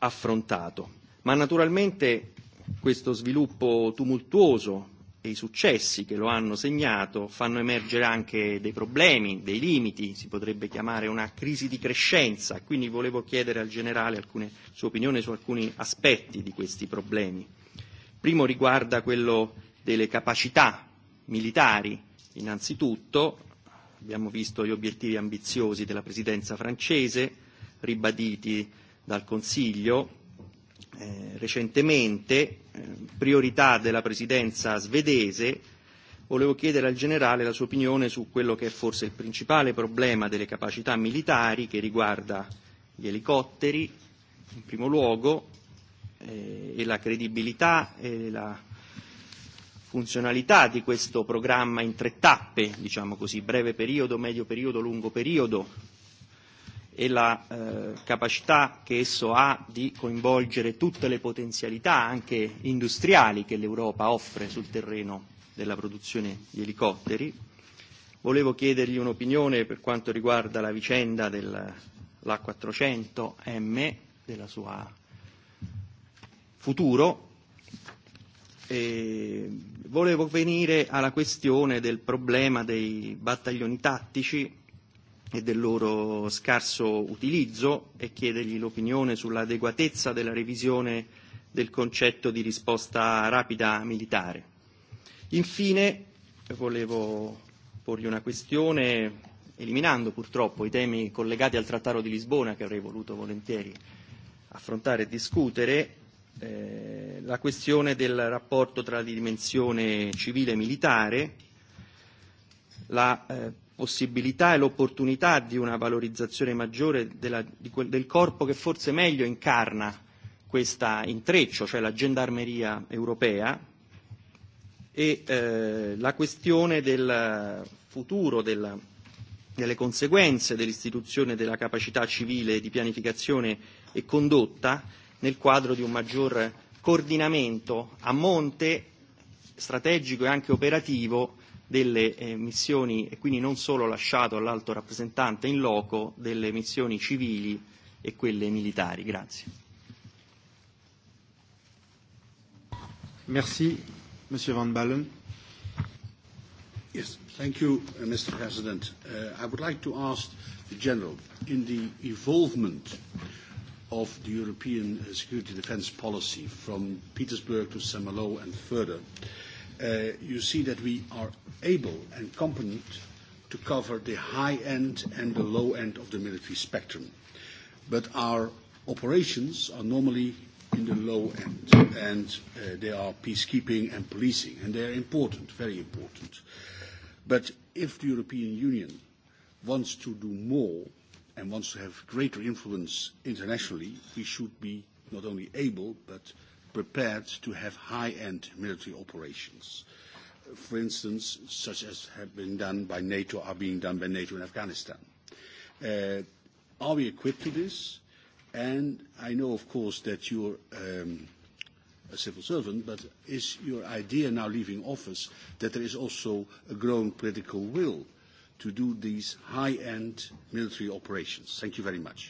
affrontato. Ma naturalmente questo sviluppo tumultuoso e i successi che lo hanno segnato fanno emergere anche dei problemi, dei limiti, si potrebbe chiamare una crisi di crescenza, quindi volevo chiedere al generale alcune sue opinioni su alcuni aspetti di questi problemi. Primo riguarda quello delle capacità militari, innanzitutto Abbiamo visto gli obiettivi ambiziosi della presidenza francese, ribaditi dal Consiglio eh, recentemente, eh, priorità della presidenza svedese. Volevo chiedere al generale la sua opinione su quello che è forse il principale problema delle capacità militari che riguarda gli elicotteri, in primo luogo, eh, e la credibilità e la funzionalità di questo programma in tre tappe, diciamo così, breve periodo, medio periodo, lungo periodo e la eh, capacità che esso ha di coinvolgere tutte le potenzialità anche industriali che l'Europa offre sul terreno della produzione di elicotteri. Volevo chiedergli un'opinione per quanto riguarda la vicenda dell'A400M, della sua futuro Eh, volevo venire alla questione del problema dei battaglioni tattici e del loro scarso utilizzo e chiedergli l'opinione sull'adeguatezza della revisione del concetto di risposta rapida militare. Infine volevo porgli una questione eliminando purtroppo i temi collegati al Trattato di Lisbona che avrei voluto volentieri affrontare e discutere eh, la questione del rapporto tra la dimensione civile e militare, la eh, possibilità e l'opportunità di una valorizzazione maggiore della, di quel, del corpo che forse meglio incarna questo intreccio, cioè la gendarmeria europea, e eh, la questione del futuro, del, delle conseguenze dell'istituzione della capacità civile di pianificazione e condotta, nel quadro di un maggior coordinamento a monte strategico e anche operativo delle eh, missioni, e quindi non solo lasciato all'alto rappresentante in loco, delle missioni civili e quelle militari. Grazie. Merci, Monsieur Van Ballen. Yes, thank you, uh, Mr. President. Uh, I would like to ask the General, in the involvement uh, of the European uh, security defense policy from Petersburg to Semelot and further, uh, you see that we are able and competent to cover the high end and the low end of the military spectrum. But our operations are normally in the low end, and uh, they are peacekeeping and policing, and they are important, very important. But if the European Union wants to do more, and wants to have greater influence internationally, we should be not only able but prepared to have high-end military operations. For instance, such as have been done by NATO, are being done by NATO in Afghanistan. Uh, are we equipped to this? And I know, of course, that you're um, a civil servant, but is your idea now leaving office that there is also a growing political will to do these high-end military operations? Thank you very much.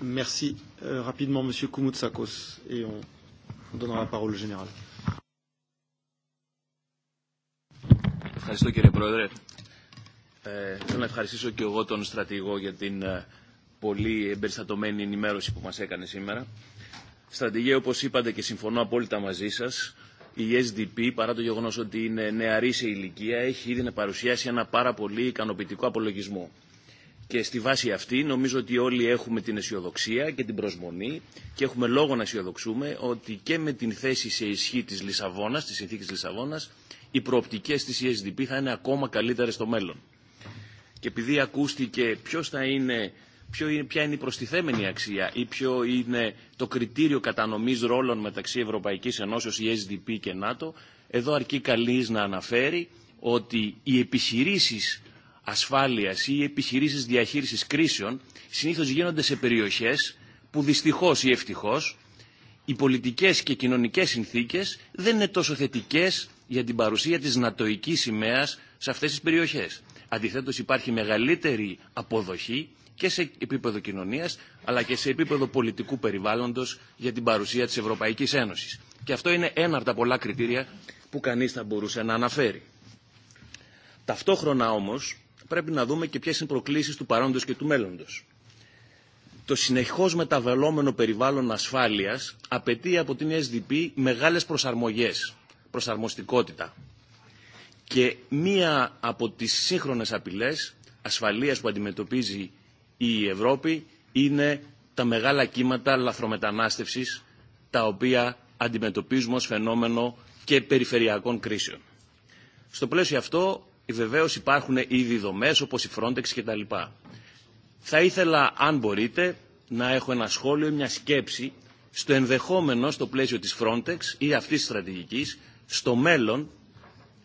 Merci. Euh, rapidement, Monsieur Koumoutsakos, et on donnera la parole au général. Ευχαριστώ κύριε Πρόεδρε. Ε, θέλω να ευχαριστήσω και εγώ τον στρατηγό για την ε, πολύ εμπεριστατωμένη ενημέρωση που μας έκανε σήμερα. Στρατηγέ, όπως είπατε και συμφωνώ απόλυτα μαζί σας, η SDP, παρά το γεγονός ότι είναι νεαρή σε ηλικία, έχει ήδη να παρουσιάσει ένα πάρα πολύ ικανοποιητικό απολογισμό. Και στη βάση αυτή νομίζω ότι όλοι έχουμε την αισιοδοξία και την προσμονή και έχουμε λόγο να αισιοδοξούμε ότι και με την θέση σε ισχύ της Λισαβόνας, της συνθήκης Λισαβόνας, οι προοπτικές της ESDP θα είναι ακόμα καλύτερες στο μέλλον. Και επειδή ακούστηκε ποιος θα είναι ποιο είναι, ποια είναι η προστιθέμενη αξία ή ποιο είναι το κριτήριο κατανομής ρόλων μεταξύ Ευρωπαϊκής Ενώσεως, ESDP και ΝΑΤΟ, εδώ αρκεί καλής να αναφέρει ότι οι επιχειρήσεις ασφάλειας ή οι επιχειρήσεις διαχείρισης κρίσεων συνήθως γίνονται σε περιοχές που δυστυχώς ή ευτυχώς οι πολιτικές και κοινωνικές συνθήκες δεν είναι τόσο θετικές για την παρουσία της νατοικής σημαίας σε αυτές τις περιοχές. Αντιθέτως υπάρχει μεγαλύτερη αποδοχή και σε επίπεδο κοινωνίας αλλά και σε επίπεδο πολιτικού περιβάλλοντος για την παρουσία της Ευρωπαϊκής Ένωσης. Και αυτό είναι ένα από τα πολλά κριτήρια που κανείς θα μπορούσε να αναφέρει. Ταυτόχρονα όμως πρέπει να δούμε και ποιες είναι προκλήσεις του παρόντος και του μέλλοντος. Το συνεχώς μεταβαλλόμενο περιβάλλον ασφάλειας απαιτεί από την SDP μεγάλες προσαρμογές, προσαρμοστικότητα. Και μία από τις σύγχρονες απειλές ασφαλείας που αντιμετωπίζει η Ευρώπη είναι τα μεγάλα κύματα λαθρομετανάστευσης τα οποία αντιμετωπίζουμε ως φαινόμενο και περιφερειακών κρίσεων. Στο πλαίσιο αυτό βεβαίω υπάρχουν ήδη δομές όπως η Frontex κτλ. Θα ήθελα, αν μπορείτε, να έχω ένα σχόλιο, μια σκέψη στο ενδεχόμενο, στο πλαίσιο της Frontex ή αυτής της στρατηγικής, στο μέλλον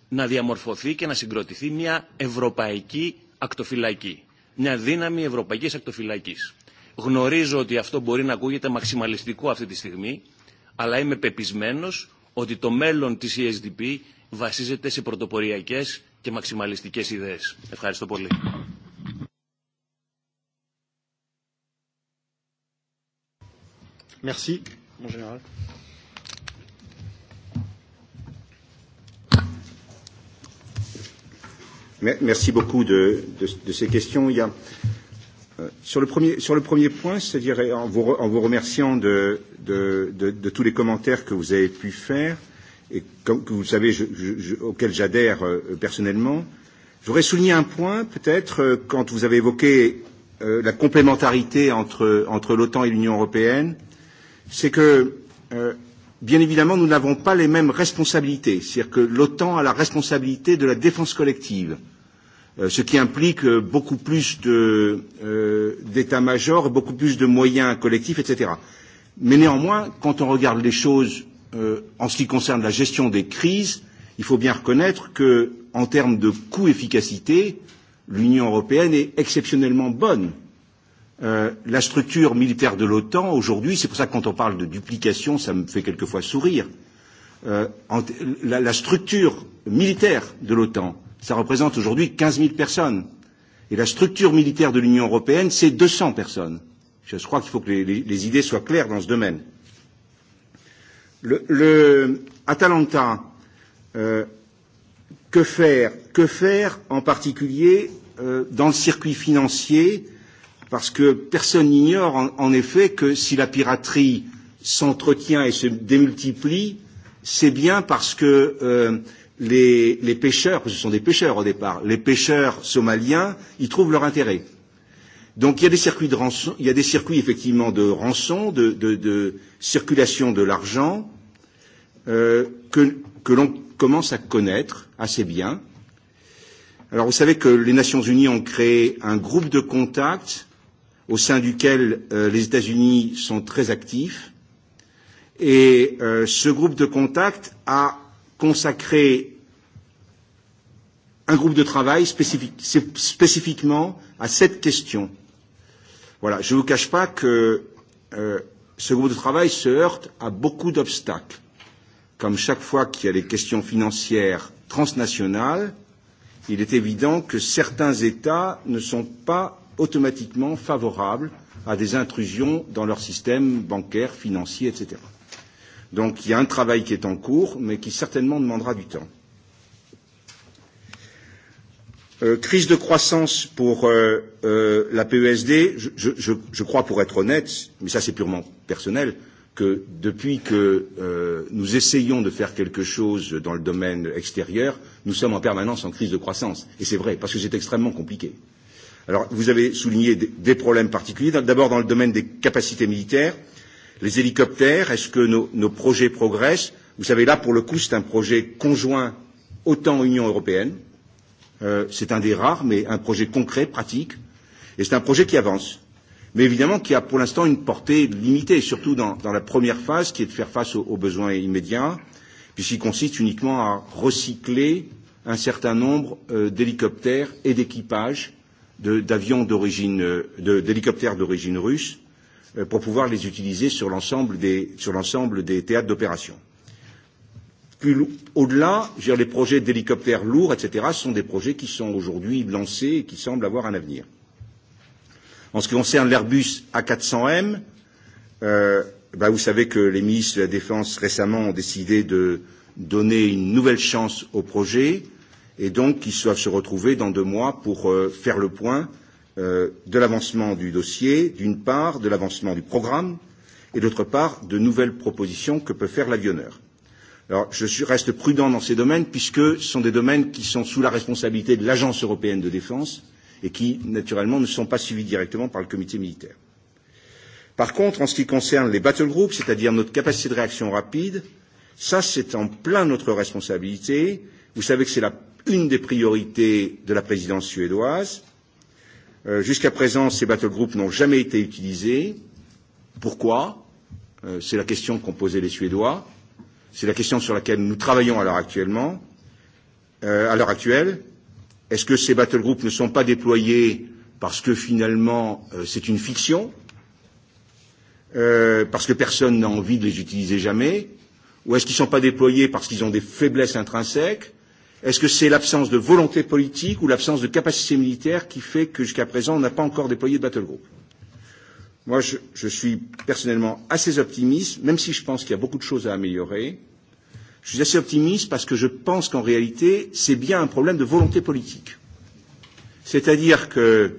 να διαμορφωθεί και να συγκροτηθεί μια ευρωπαϊκή ακτοφυλακή μια δύναμη ευρωπαϊκής ακτοφυλακής. Γνωρίζω ότι αυτό μπορεί να ακούγεται μαξιμαλιστικό αυτή τη στιγμή, αλλά είμαι πεπισμένος ότι το μέλλον της ESDP βασίζεται σε πρωτοποριακές και μαξιμαλιστικές ιδέες. Ευχαριστώ πολύ. Merci, mon général. Merci beaucoup de, de, de ces questions. Il y a, euh, sur, le premier, sur le premier point, c'est-à-dire en vous, re, en vous remerciant de, de, de, de tous les commentaires que vous avez pu faire, et comme que vous le savez, je, je, auxquels j'adhère euh, personnellement, je voudrais souligner un point, peut-être, euh, quand vous avez évoqué euh, la complémentarité entre, entre l'OTAN et l'Union européenne, c'est que euh, Bien évidemment, nous n'avons pas les mêmes responsabilités. C'est-à-dire que l'OTAN a la responsabilité de la défense collective, euh, ce qui implique euh, beaucoup plus euh, d'états-majors, euh, beaucoup plus de moyens collectifs, etc. Mais néanmoins, quand on regarde les choses euh, en ce qui concerne la gestion des crises, il faut bien reconnaître que, en termes de coût-efficacité, l'Union européenne est exceptionnellement bonne. Euh, euh, la structure militaire de l'OTAN aujourd'hui, c'est pour ça que quand on parle de duplication, ça me fait quelquefois sourire. Euh, en, la, la structure militaire de l'OTAN, ça représente aujourd'hui 15 000 personnes. Et la structure militaire de l'Union européenne, c'est 200 personnes. Je crois qu'il faut que les, les, les idées soient claires dans ce domaine. Le, le Atalanta, euh, que faire Que faire en particulier euh, dans le circuit financier euh, Parce que personne n'ignore en, en effet que si la piraterie s'entretient et se démultiplie, c'est bien parce que euh, les, les pêcheurs, ce sont des pêcheurs au départ, les pêcheurs somaliens y trouvent leur intérêt. Donc il y a des circuits, de rançon, il y a des circuits effectivement de rançon, de, de, de circulation de l'argent euh, que, que l'on commence à connaître assez bien. Alors vous savez que les Nations Unies ont créé un groupe de contact au sein duquel euh, les États-Unis sont très actifs. Et euh, ce groupe de contact a consacré un groupe de travail spécifique, spécifiquement à cette question. Voilà, je ne vous cache pas que euh, ce groupe de travail se heurte à beaucoup d'obstacles. Comme chaque fois qu'il y a des questions financières transnationales, il est évident que certains États ne sont pas automatiquement favorables à des intrusions dans leur système bancaire, financier, etc. Donc il y a un travail qui est en cours, mais qui certainement demandera du temps. Euh, crise de croissance pour euh, euh, la PESD, je, je, je crois pour être honnête, mais ça c'est purement personnel, que depuis que euh, nous essayons de faire quelque chose dans le domaine extérieur, nous sommes en permanence en crise de croissance. Et c'est vrai, parce que c'est extrêmement compliqué. Euh, Alors, vous avez souligné des problèmes particuliers. D'abord, dans le domaine des capacités militaires, les hélicoptères, est-ce que nos, nos projets progressent Vous savez, là, pour le coup, c'est un projet conjoint autant Union européenne. Euh, c'est un des rares, mais un projet concret, pratique. Et c'est un projet qui avance. Mais évidemment, qui a pour l'instant une portée limitée, surtout dans, dans la première phase, qui est de faire face aux, aux besoins immédiats, puisqu'il consiste uniquement à recycler un certain nombre euh, d'hélicoptères et d'équipages d'avions d'origine, d'hélicoptères d'origine russe euh, pour pouvoir les utiliser sur l'ensemble des, sur l'ensemble des théâtres d'opération. Plus au-delà, les projets d'hélicoptères lourds, etc., sont des projets qui sont aujourd'hui lancés et qui semblent avoir un avenir. En ce qui concerne l'Airbus A400M, euh, bah vous savez que les ministres de la Défense récemment ont décidé de donner une nouvelle chance au projet. Euh, et donc qui doivent se retrouver dans deux mois pour euh, faire le point euh, de l'avancement du dossier, d'une part, de l'avancement du programme, et d'autre part, de nouvelles propositions que peut faire l'avionneur. Alors, je suis, reste prudent dans ces domaines puisque ce sont des domaines qui sont sous la responsabilité de l'Agence européenne de défense et qui, naturellement, ne sont pas suivis directement par le comité militaire. Par contre, en ce qui concerne les battle groups, c'est-à-dire notre capacité de réaction rapide, ça, c'est en plein notre responsabilité. Vous savez que c'est la une des priorités de la présidence suédoise. Euh, Jusqu'à présent, ces battle groups n'ont jamais été utilisés. Pourquoi euh, C'est la question qu'ont posée les Suédois. C'est la question sur laquelle nous travaillons à l'heure actuellement. Euh, à l'heure actuelle, est-ce que ces battle groups ne sont pas déployés parce que finalement euh, c'est une fiction, euh, parce que personne n'a envie de les utiliser jamais, ou est-ce qu'ils ne sont pas déployés parce qu'ils ont des faiblesses intrinsèques, Est-ce que c'est l'absence de volonté politique ou l'absence de capacité militaire qui fait que jusqu'à présent, on n'a pas encore déployé de battle group Moi, je, je suis personnellement assez optimiste, même si je pense qu'il y a beaucoup de choses à améliorer. Je suis assez optimiste parce que je pense qu'en réalité, c'est bien un problème de volonté politique. C'est-à-dire que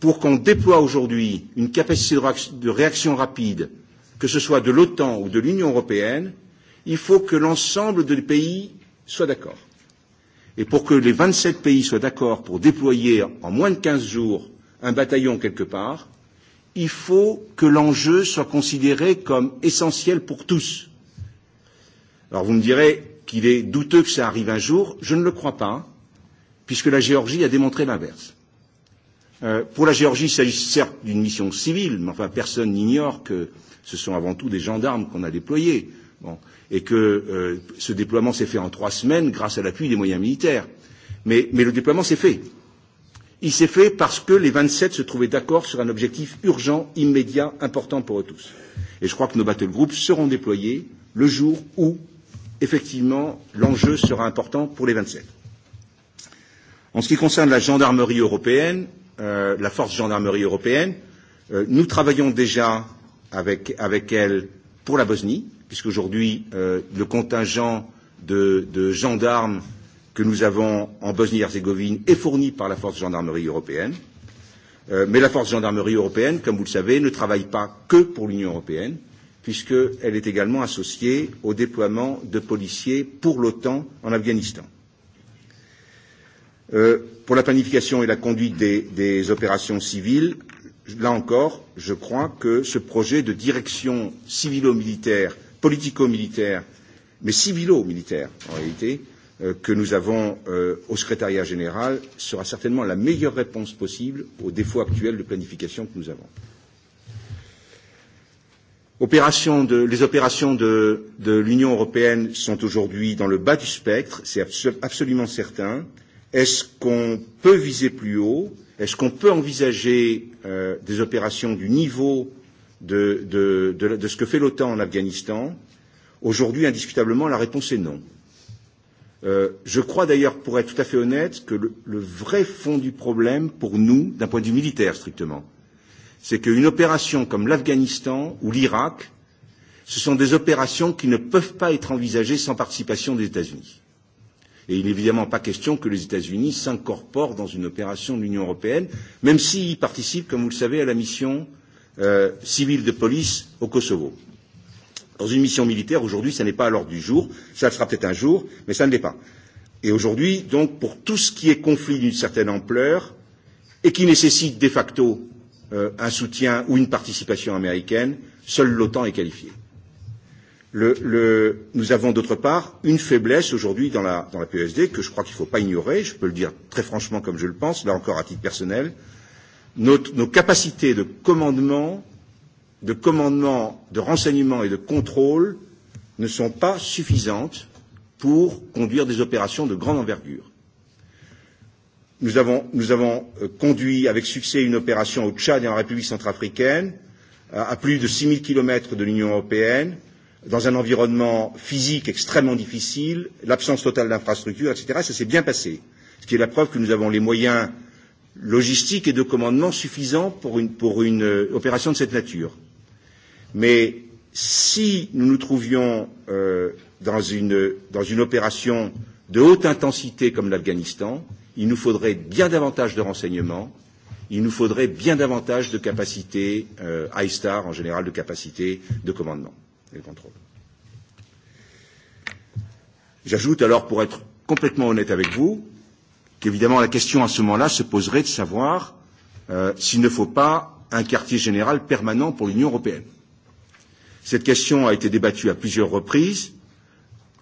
pour qu'on déploie aujourd'hui une capacité de réaction rapide, que ce soit de l'OTAN ou de l'Union européenne, il faut que l'ensemble des pays soient d'accord et pour que les 27 pays soient d'accord pour déployer en moins de 15 jours un bataillon quelque part, il faut que l'enjeu soit considéré comme essentiel pour tous. Alors vous me direz qu'il est douteux que ça arrive un jour, je ne le crois pas, puisque la Géorgie a démontré l'inverse. Euh, pour la Géorgie, il s'agit certes d'une mission civile, mais enfin personne n'ignore que euh, ce sont avant tout des gendarmes qu'on a déployés. Bon. Et que euh, ce déploiement s'est fait en trois semaines grâce à l'appui des moyens militaires. Mais, mais le déploiement s'est fait. Il s'est fait parce que les 27 se trouvaient d'accord sur un objectif urgent, immédiat, important pour eux tous. Et je crois que nos battle groups seront déployés le jour où, effectivement, l'enjeu sera important pour les 27. En ce qui concerne la gendarmerie européenne, euh, la force gendarmerie européenne, euh, nous travaillons déjà avec, avec elle pour la Bosnie, puisqu'aujourd'hui, euh, le contingent de, de gendarmes que nous avons en Bosnie-Herzégovine est fourni par la force de gendarmerie européenne. Euh, mais la force de gendarmerie européenne, comme vous le savez, ne travaille pas que pour l'Union européenne, puisqu'elle est également associée au déploiement de policiers pour l'OTAN en Afghanistan. Euh, pour la planification et la conduite des, des opérations civiles, là encore, je crois que ce projet de direction civilo-militaire, politico-militaire, mais civilo-militaire en réalité, euh, que nous avons euh, au secrétariat général sera certainement la meilleure réponse possible aux défauts actuels de planification que nous avons. Opération de, les opérations de, de l'Union européenne sont aujourd'hui dans le bas du spectre, c'est abso absolument certain. Est-ce qu'on peut viser plus haut euh, Est-ce qu'on peut envisager euh, des opérations du niveau de, de, de, de ce que fait l'OTAN en Afghanistan Aujourd'hui, indiscutablement, la réponse est non. Euh, je crois d'ailleurs, pour être tout à fait honnête, que le, le vrai fond du problème pour nous, d'un point de vue militaire strictement, c'est qu'une opération comme l'Afghanistan ou l'Irak, ce sont des opérations qui ne peuvent pas être envisagées sans participation des États-Unis. Et il n'est évidemment pas question que les États-Unis s'incorporent dans une opération de l'Union européenne, même s'ils participent, comme vous le savez, à la mission euh, civile de police au Kosovo. Dans une mission militaire, aujourd'hui, ça n'est pas à l'ordre du jour. Ça le sera peut-être un jour, mais ça ne l'est pas. Et aujourd'hui, donc, pour tout ce qui est conflit d'une certaine ampleur et qui nécessite de facto euh, un soutien ou une participation américaine, seule l'OTAN est qualifiée. Le, le, nous avons d'autre part une faiblesse aujourd'hui dans la, dans la PSD e que je crois qu'il ne faut pas ignorer, je peux le dire très franchement comme je le pense, là encore à titre personnel, notre, nos capacités de commandement, de commandement, de renseignement et de contrôle ne sont pas suffisantes pour conduire des opérations de grande envergure. Nous avons, nous avons euh, conduit avec succès une opération au Tchad et en République centrafricaine, à, à plus de 6 000 kilomètres de l'Union européenne, euh, dans un environnement physique extrêmement difficile, l'absence totale d'infrastructures, etc. Ça s'est bien passé, ce qui est la preuve que nous avons les moyens logistiques et de commandement suffisants pour une, pour une euh, opération de cette nature. Mais si nous nous trouvions euh, dans, une, dans une opération de haute intensité comme l'Afghanistan, il nous faudrait bien davantage de renseignements, il nous faudrait bien davantage de capacités euh, ISTAR, en général de capacités de commandement les contrôles. J'ajoute alors, pour être complètement honnête avec vous, qu'évidemment la question à ce moment-là se poserait de savoir euh, s'il ne faut pas un quartier général permanent pour l'Union européenne. Cette question a été débattue à plusieurs reprises.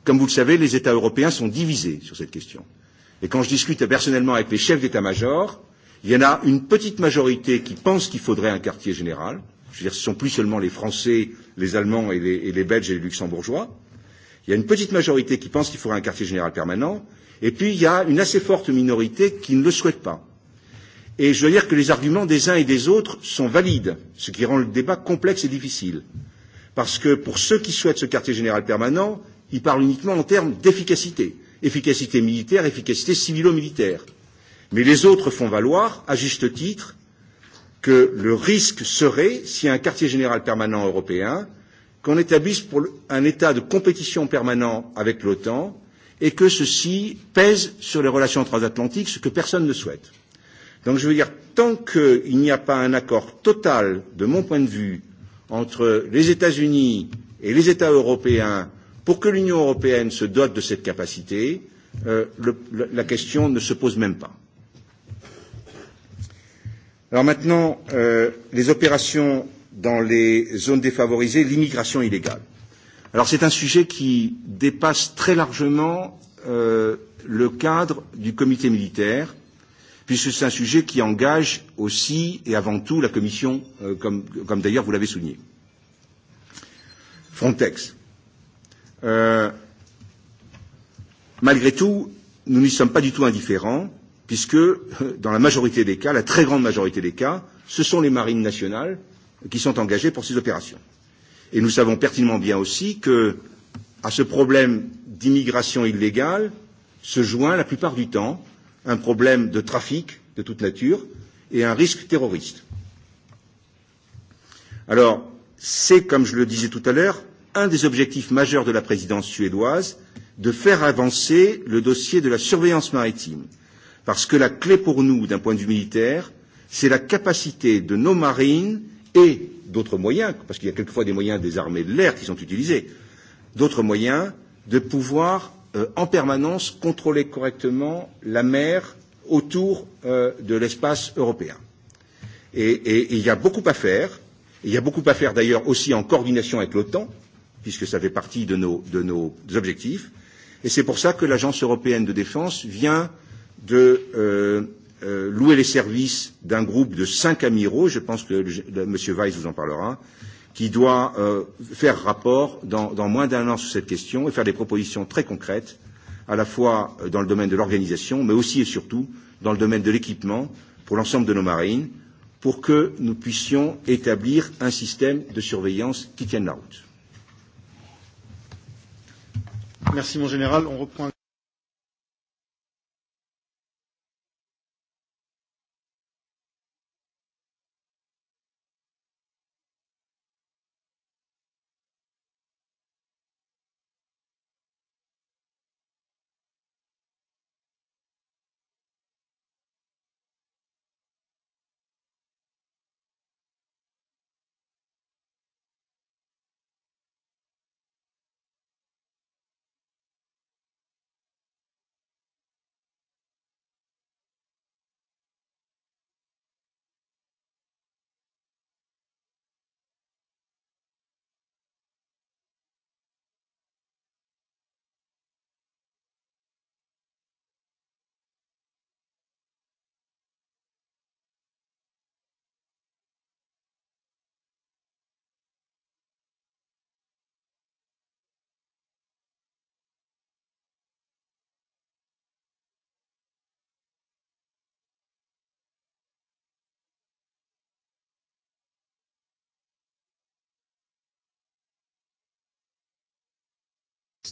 Comme vous le savez, les États européens sont divisés sur cette question. Et quand je discute personnellement avec les chefs d'état-major, il y en a une petite majorité qui pense qu'il faudrait un quartier général, Je veux dire, ce ne sont plus seulement les Français, les Allemands et les, et les Belges et les Luxembourgeois. Il y a une petite majorité qui pense qu'il faudrait un quartier général permanent, et puis il y a une assez forte minorité qui ne le souhaite pas. Et je veux dire que les arguments des uns et des autres sont valides, ce qui rend le débat complexe et difficile. Parce que pour ceux qui souhaitent ce quartier général permanent, ils parlent uniquement en termes d'efficacité. Efficacité militaire, efficacité civilo-militaire. Mais les autres font valoir, à juste titre, que le risque serait, s'il y a un quartier général permanent européen, qu'on établisse pour le, un état de compétition permanent avec l'OTAN et que ceci pèse sur les relations transatlantiques, ce que personne ne souhaite. Donc je veux dire, tant qu'il n'y a pas un accord total, de mon point de vue, entre les États-Unis et les États européens pour que l'Union européenne se dote de cette capacité, euh, le, le, la question ne se pose même pas. Alors maintenant, euh, les opérations dans les zones défavorisées, l'immigration illégale. Alors c'est un sujet qui dépasse très largement euh, le cadre du comité militaire, puisque c'est un sujet qui engage aussi et avant tout la Commission, euh, comme, comme d'ailleurs vous l'avez souligné. Frontex. Euh, malgré tout, nous n'y sommes pas du tout indifférents puisque euh, dans la majorité des cas, la très grande majorité des cas, ce sont les marines nationales qui sont engagées pour ces opérations. Et nous savons pertinemment bien aussi que à ce problème d'immigration illégale se joint la plupart du temps un problème de trafic de toute nature et un risque terroriste. Alors, c'est, comme je le disais tout à l'heure, un des objectifs majeurs de la présidence suédoise de faire avancer le dossier de la surveillance maritime. Euh, Parce que la clé pour nous, d'un point de vue militaire, c'est la capacité de nos marines et d'autres moyens, parce qu'il y a quelquefois des moyens des armées de l'air qui sont utilisés, d'autres moyens de pouvoir euh, en permanence contrôler correctement la mer autour euh, de l'espace européen. Et, et, et il y a beaucoup à faire. Et il y a beaucoup à faire d'ailleurs aussi en coordination avec l'OTAN, puisque ça fait partie de nos, de nos objectifs. Et c'est pour ça que l'Agence européenne de défense vient de euh, euh, louer les services d'un groupe de cinq amiraux, je pense que le, le, M. Weiss vous en parlera, qui doit euh, faire rapport dans, dans moins d'un an sur cette question et faire des propositions très concrètes, à la fois euh, dans le domaine de l'organisation, mais aussi et surtout dans le domaine de l'équipement pour l'ensemble de nos marines, pour que nous puissions établir un système de surveillance qui tienne la route. Merci mon général. On reprend.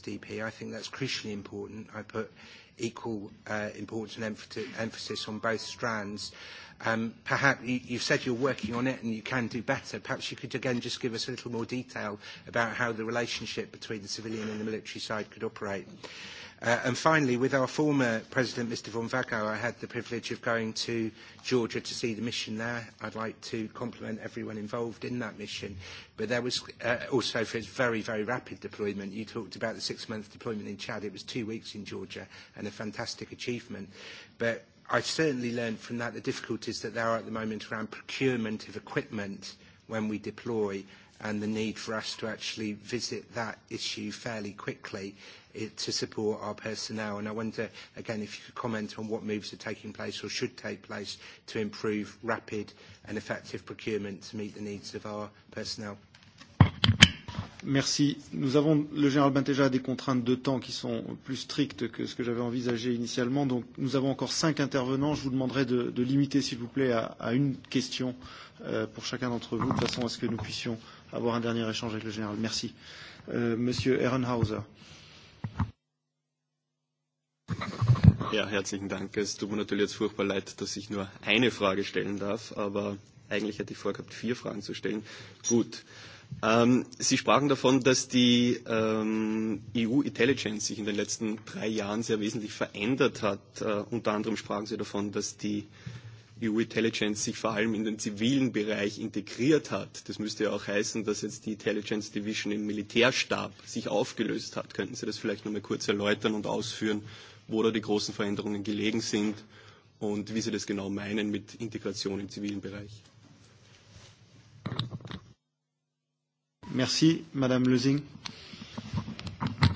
DP. I think that's crucially important. I put equal uh, importance and emph emphasis on both strands. Um, perhaps you, you've said you're working on it and you can do better. Perhaps you could again just give us a little more detail about how the relationship between the civilian and the military side could operate. Uh, Uh, and finally, with our former president, Mr. von Vago, I had the privilege of going to Georgia to see the mission there. I'd like to compliment everyone involved in that mission. But there was uh, also for its very, very rapid deployment. You talked about the six-month deployment in Chad. It was two weeks in Georgia and a fantastic achievement. But I certainly learned from that the difficulties that there are at the moment around procurement of equipment when we deploy and the need for us to actually visit that issue fairly quickly it, to support our personnel. And I wonder, again, if you could comment on what moves are taking place or should take place to improve rapid and effective procurement to meet the needs of our personnel. Merci. Nous avons, le général Benteja a des contraintes de temps qui sont plus strictes que ce que j'avais envisagé initialement. Donc nous avons encore cinq intervenants. Je vous demanderai de, de limiter, s'il vous plaît, à, à une question euh, pour chacun d'entre vous, de façon à ce que nous puissions avoir un dernier échange avec le général. Merci. Euh, Monsieur Ehrenhauser. Ja, herzlichen Dank. Es tut mir natürlich jetzt furchtbar leid, dass ich nur eine Frage stellen darf, aber eigentlich hätte ich vorgehabt, vier Fragen zu stellen. Gut. Ähm, Sie sprachen davon, dass die ähm, EU-Intelligence sich in den letzten drei Jahren sehr wesentlich verändert hat. Äh, unter anderem sprachen Sie davon, dass die äh, EU-Intelligence sich vor allem in den zivilen Bereich integriert hat. Das müsste ja auch heißen, dass jetzt die Intelligence Division im Militärstab sich aufgelöst hat. Könnten Sie das vielleicht noch mal kurz erläutern und ausführen, wo da die großen Veränderungen gelegen sind und wie Sie das genau meinen mit Integration im zivilen Bereich? Merci, Madame Lösing.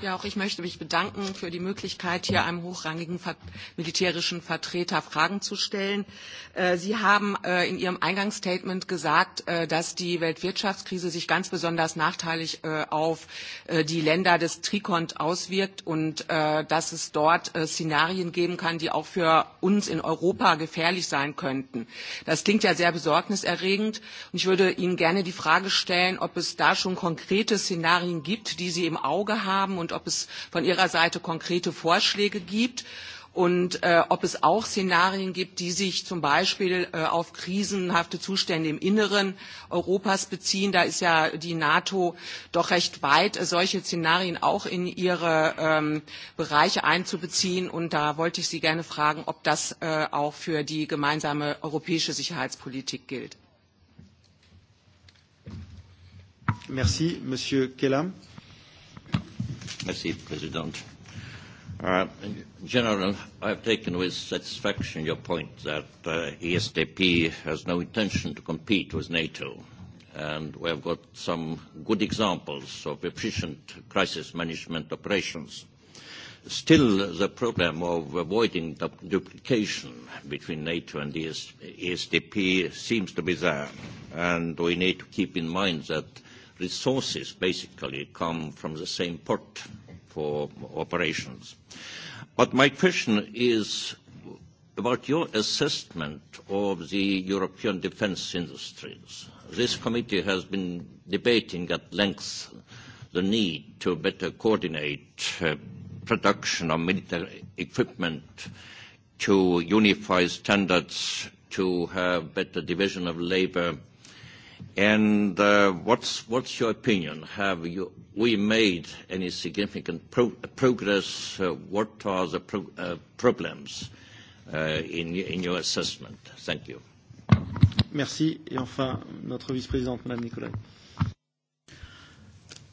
Ja, auch ich möchte mich bedanken für die Möglichkeit, hier einem hochrangigen ver militärischen Vertreter Fragen zu stellen. Äh, Sie haben äh, in Ihrem Eingangsstatement gesagt, äh, dass die Weltwirtschaftskrise sich ganz besonders nachteilig äh, auf äh, die Länder des Trikont auswirkt und äh, dass es dort äh, Szenarien geben kann, die auch für uns in Europa gefährlich sein könnten. Das klingt ja sehr besorgniserregend und ich würde Ihnen gerne die Frage stellen, ob es da schon konkrete Szenarien gibt, die Sie im Auge haben und ob es von Ihrer Seite konkrete Vorschläge gibt und äh, ob es auch Szenarien gibt, die sich zum Beispiel äh, auf krisenhafte Zustände im Inneren Europas beziehen. Da ist ja die NATO doch recht weit, äh, solche Szenarien auch in ihre ähm, Bereiche einzubeziehen. Und da wollte ich Sie gerne fragen, ob das äh, auch für die gemeinsame europäische Sicherheitspolitik gilt. Merci, Monsieur Kellam. Merci, President. Uh, General, I've taken with satisfaction your point that uh, ESDP has no intention to compete with NATO, and we have got some good examples of efficient crisis management operations. Still, the problem of avoiding du duplication between NATO and ES ESDP seems to be there, and we need to keep in mind that resources basically come from the same pot for operations. But my question is about your assessment of the European defense industries. This committee has been debating at length the need to better coordinate uh, production of military equipment, to unify standards, to have better division of labor, uh, And uh, what's, what's your opinion? Have you, we made any significant pro- progress? Uh, what are the pro- uh, problems uh, in, in your assessment? Thank you. Merci. Et enfin, notre vice-présidente, Madame Nicolai.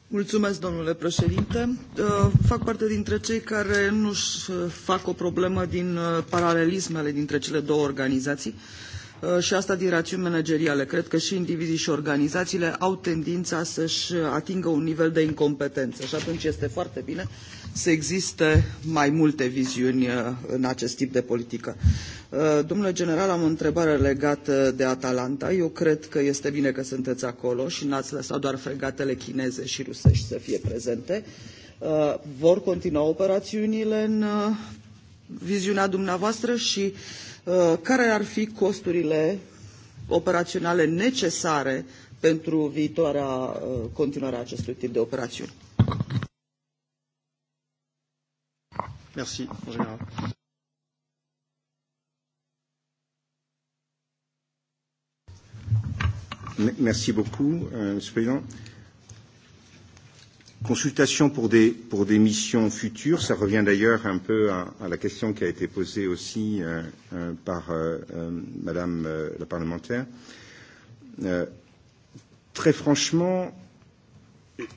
Mulțumesc, domnule președinte. Uh, fac parte dintre cei care nu-și uh, fac o problemă din uh, paralelismele dintre cele două organizații. Uh, Uh, și asta din rațiuni manageriale. Cred că și indivizii și organizațiile au tendința să-și uh, atingă un nivel de incompetență și atunci este foarte bine să existe mai multe viziuni uh, în acest tip de politică. Domnule general, am o întrebare legată de Atalanta. Eu cred că este bine că sunteți acolo și n-ați lăsat doar fregatele chineze și rusești să fie prezente. Vor continua operațiunile în viziunea dumneavoastră și uh, Uh, care ar fi costurile operaționale necesare pentru viitoarea uh, continuarea acestui tip de operațiuni. Merci, en général. Merci beaucoup, euh, Monsieur le Président. Consultation pour des, pour des missions futures, ça revient d'ailleurs un peu à, à la question qui a été posée aussi euh, euh, par euh, euh, Madame euh, la parlementaire. Euh, très franchement,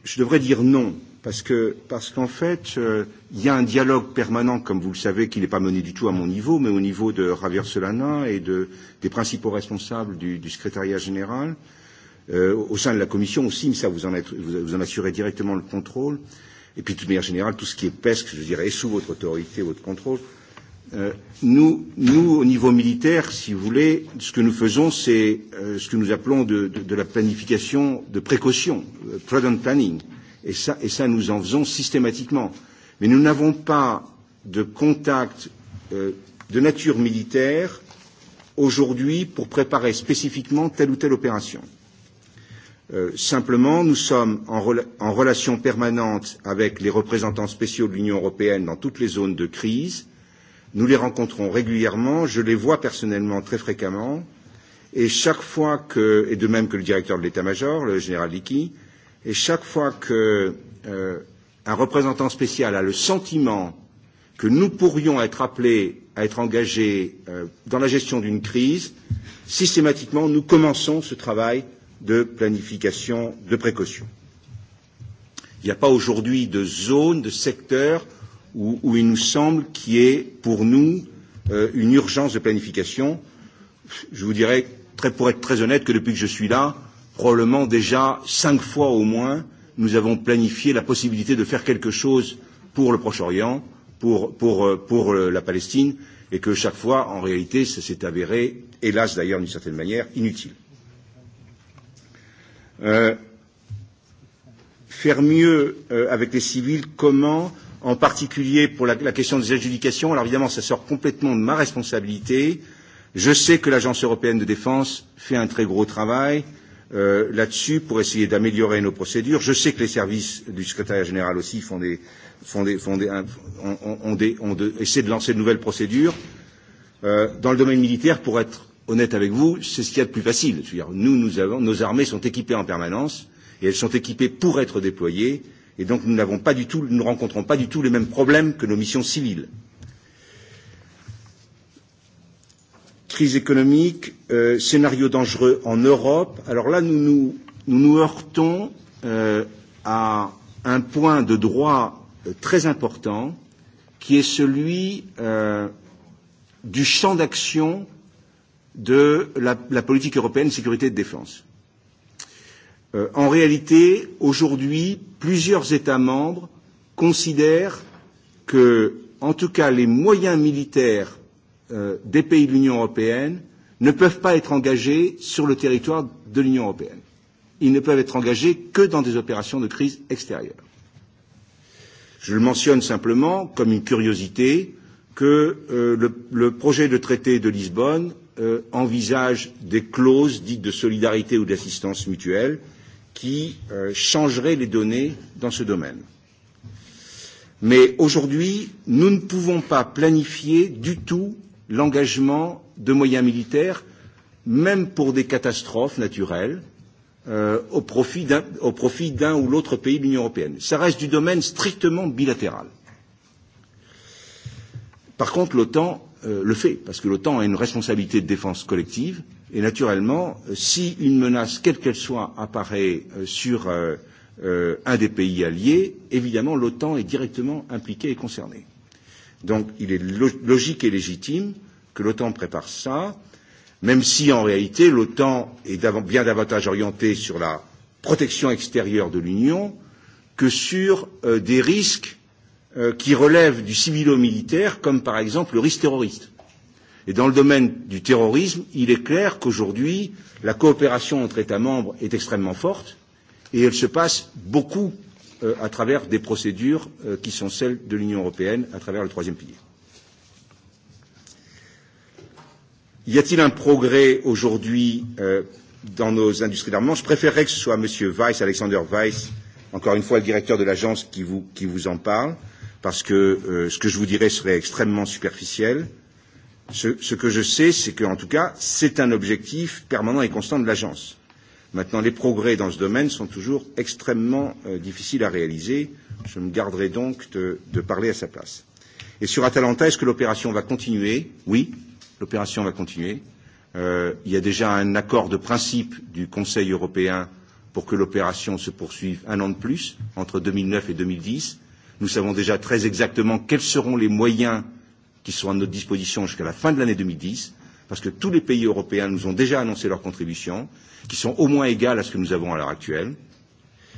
je devrais dire non, parce que parce qu'en fait, euh, il y a un dialogue permanent, comme vous le savez, qui n'est pas mené du tout à mon niveau, mais au niveau de Javier Solana et de, des principaux responsables du, du secrétariat général. Euh, euh, au sein de la Commission aussi, mais ça vous en, êtes, vous en assurez directement le contrôle. Et puis de toute manière générale, tout ce qui est PESC, je dirais, est sous votre autorité, votre contrôle. Euh, nous, nous, au niveau militaire, si vous voulez, ce que nous faisons, c'est euh, ce que nous appelons de, de, de la planification de précaution, euh, prudent planning. Et ça, et ça, nous en faisons systématiquement. Mais nous n'avons pas de contact euh, de nature militaire aujourd'hui pour préparer spécifiquement telle ou telle opération. Euh, simplement, nous sommes en, rela en relation permanente avec les représentants spéciaux de l'Union européenne dans toutes les zones de crise. Nous les rencontrons régulièrement, je les vois personnellement très fréquemment, et chaque fois que, et de même que le directeur de l'état-major, le général Licky, et chaque fois que euh, un représentant spécial a le sentiment que nous pourrions être appelés à être engagés euh, dans la gestion d'une crise, systématiquement, nous commençons ce travail de planification de précaution. Il n'y a pas aujourd'hui de zone, de secteur où, où il nous semble qu'il y ait pour nous euh, une urgence de planification. Je vous dirais, très, pour être très honnête, que depuis que je suis là, probablement déjà cinq fois au moins, nous avons planifié la possibilité de faire quelque chose pour le Proche-Orient, pour, pour, euh, pour euh, la Palestine, et que chaque fois, en réalité, ça s'est avéré, hélas d'ailleurs d'une certaine manière, inutile. Euh, faire mieux euh, avec les civils, comment en particulier pour la, la question des adjudications, alors évidemment ça sort complètement de ma responsabilité, je sais que l'Agence européenne de défense fait un très gros travail euh, là-dessus pour essayer d'améliorer nos procédures, je sais que les services du secrétariat général aussi font des, font des, font des, un, ont, ont des, ont de, essaient de lancer de nouvelles procédures. Euh, dans le domaine militaire, pour être honnête avec vous, c'est ce qu'il y a de plus facile. -dire, nous, nous avons, nos armées sont équipées en permanence et elles sont équipées pour être déployées et donc nous n'avons pas du tout, nous ne rencontrons pas du tout les mêmes problèmes que nos missions civiles. Crise économique, euh, scénario dangereux en Europe. Alors là, nous nous, nous, nous heurtons euh, à un point de droit euh, très important qui est celui euh, du champ d'action de la, la politique européenne de sécurité et de défense. Euh, en réalité, aujourd'hui, plusieurs États membres considèrent que, en tout cas, les moyens militaires euh, des pays de l'Union européenne ne peuvent pas être engagés sur le territoire de l'Union européenne. Ils ne peuvent être engagés que dans des opérations de crise extérieure. Je le mentionne simplement comme une curiosité que euh, le, le projet de traité de Lisbonne euh, envisage des clauses dites de solidarité ou d'assistance mutuelle qui euh, changeraient les données dans ce domaine. Mais aujourd'hui, nous ne pouvons pas planifier du tout l'engagement de moyens militaires, même pour des catastrophes naturelles, euh, au profit d'un ou l'autre pays de l'Union européenne. Ça reste du domaine strictement bilatéral. Par contre, l'OTAN euh, le fait, parce que l'OTAN a une responsabilité de défense collective, et naturellement, euh, si une menace, quelle qu'elle soit, apparaît euh, sur euh, euh, un des pays alliés, évidemment, l'OTAN est directement impliquée et concernée. Donc, il est lo logique et légitime que l'OTAN prépare ça, même si, en réalité, l'OTAN est dav bien davantage orientée sur la protection extérieure de l'Union que sur euh, des risques euh, qui relèvent du civilo-militaire, comme par exemple le risque terroriste. Et dans le domaine du terrorisme, il est clair qu'aujourd'hui, la coopération entre États membres est extrêmement forte et elle se passe beaucoup euh, à travers des procédures euh, qui sont celles de l'Union européenne, à travers le troisième pilier. Y a-t-il un progrès aujourd'hui euh, dans nos industries d'armement Je préférerais que ce soit M. Weiss, Alexander Weiss, encore une fois le directeur de l'agence, qui vous, qui vous en parle. Euh, parce que euh, ce que je vous dirais serait extrêmement superficiel. Ce, ce que je sais, c'est qu'en tout cas, c'est un objectif permanent et constant de l'agence. Maintenant, les progrès dans ce domaine sont toujours extrêmement euh, difficiles à réaliser. Je me garderai donc de, de parler à sa place. Et sur Atalanta, est-ce que l'opération va continuer Oui, l'opération va continuer. Euh, il y a déjà un accord de principe du Conseil européen pour que l'opération se poursuive un an de plus, entre 2009 et 2010. Nous savons déjà très exactement quels seront les moyens qui sont à notre disposition jusqu'à la fin de l'année 2010, parce que tous les pays européens nous ont déjà annoncé leurs contributions, qui sont au moins égales à ce que nous avons à l'heure actuelle.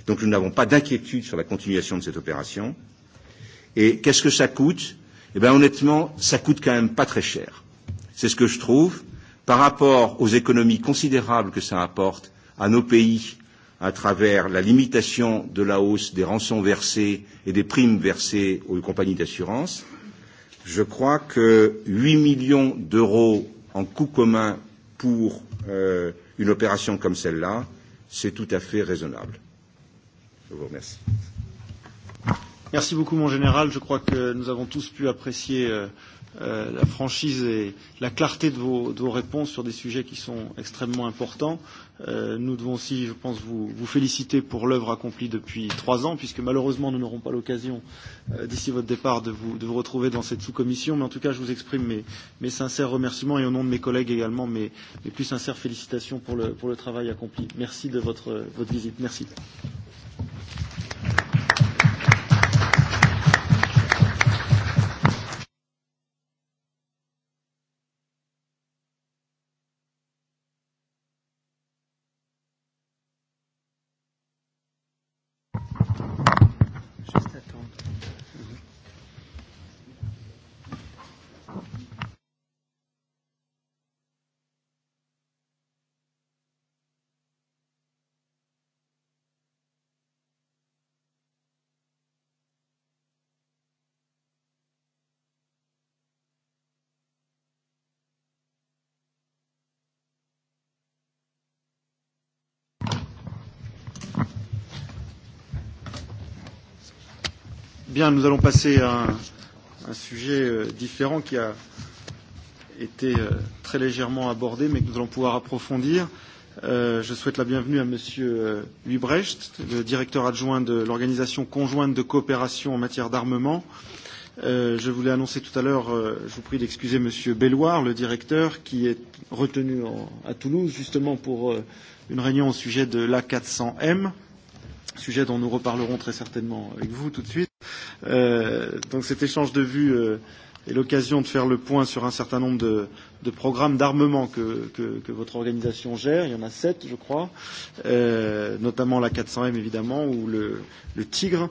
Donc nous n'avons pas d'inquiétude sur la continuation de cette opération. Et qu'est-ce que ça coûte Eh bien honnêtement, ça coûte quand même pas très cher. C'est ce que je trouve par rapport aux économies considérables que ça apporte à nos pays à travers la limitation de la hausse des rançons versées et des primes versées aux compagnies d'assurance. Je crois que 8 millions d'euros en coût commun pour euh, une opération comme celle-là, c'est tout à fait raisonnable. Je vous remercie. Merci beaucoup, mon général. Je crois que nous avons tous pu apprécier euh, euh, la franchise et la clarté de vos, de vos réponses sur des sujets qui sont extrêmement importants. Euh, nous devons aussi, je pense, vous, vous féliciter pour l'œuvre accomplie depuis trois ans, puisque malheureusement nous n'aurons pas l'occasion, euh, d'ici votre départ, de vous, de vous retrouver dans cette sous-commission. Mais en tout cas, je vous exprime mes, mes sincères remerciements et au nom de mes collègues également mes, mes plus sincères félicitations pour le, pour le travail accompli. Merci de votre, votre visite. Merci. Bien, nous allons passer à un, un sujet euh, différent qui a été euh, très légèrement abordé, mais que nous allons pouvoir approfondir. Euh, je souhaite la bienvenue à Monsieur euh, Huibrecht, le directeur adjoint de l'Organisation conjointe de coopération en matière d'armement. Euh, je voulais annoncer tout à l'heure, euh, je vous prie d'excuser Monsieur Belloir, le directeur, qui est retenu en, à Toulouse justement pour euh, une réunion au sujet de l'A400M, sujet dont nous reparlerons très certainement avec vous tout de suite. Euh, donc cet échange de vues euh, et l'occasion de faire le point sur un certain nombre de, de programmes d'armement que, que, que votre organisation gère. Il y en a sept, je crois, euh, notamment la 400M évidemment ou le, le Tigre.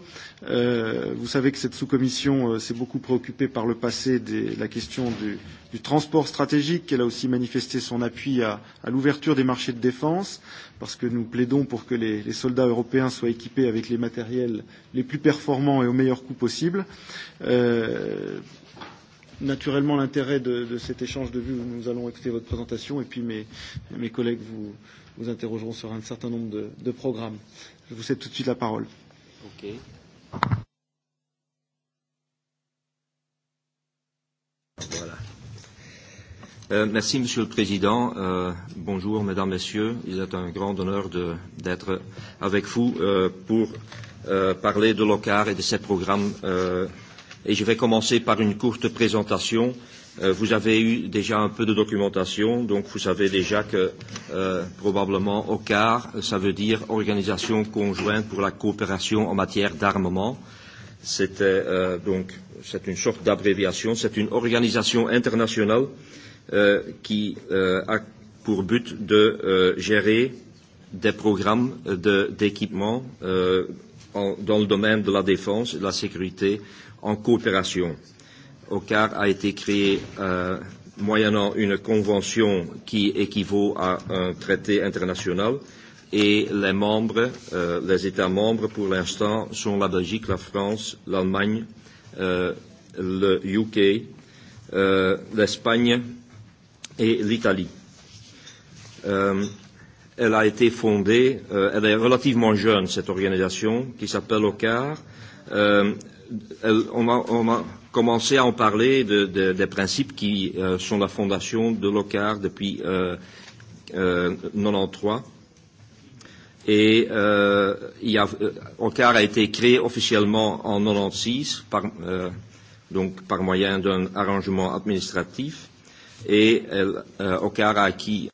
Euh, vous savez que cette sous-commission euh, s'est beaucoup préoccupée par le passé de la question du, du transport stratégique. Elle a aussi manifesté son appui à, à l'ouverture des marchés de défense parce que nous plaidons pour que les, les soldats européens soient équipés avec les matériels les plus performants et au meilleur coût possible. Euh, naturellement l'intérêt de, de cet échange de vues. Nous allons écouter votre présentation et puis mes, mes collègues vous, vous interrogeront sur un certain nombre de, de programmes. Je vous cède tout de suite la parole. Okay. Voilà. Euh, merci, Monsieur le Président. Euh, bonjour, Mesdames, Messieurs. Il est un grand honneur d'être avec vous euh, pour euh, parler de l'OCAR et de ses programmes euh, et je vais commencer par une courte présentation. Euh, vous avez eu déjà un peu de documentation, donc vous savez déjà que euh, probablement OCAR, ça veut dire Organisation conjointe pour la coopération en matière d'armement. C'était euh, donc c'est une sorte d'abréviation, c'est une organisation internationale euh, qui euh, a pour but de euh, gérer des programmes d'équipement de, euh, en, dans le domaine de la défense et de la sécurité en coopération. OCAR a été créé euh, moyennant une convention qui équivaut à un traité international et les membres, euh, les États membres pour l'instant sont la Belgique, la France, l'Allemagne, euh, le UK, euh, l'Espagne et l'Italie. Euh, elle a été fondée, euh, elle est relativement jeune cette organisation qui s'appelle OCAR. Euh, Euh, on, a, on a commencé à en parler de, de, des principes qui euh, sont la fondation de l'OCAR depuis euh, euh, 93. Et euh, il y a, euh, OCAR a été créé officiellement en 96, par, euh, donc par moyen d'un arrangement administratif. Et elle, euh, euh OCAR a acquis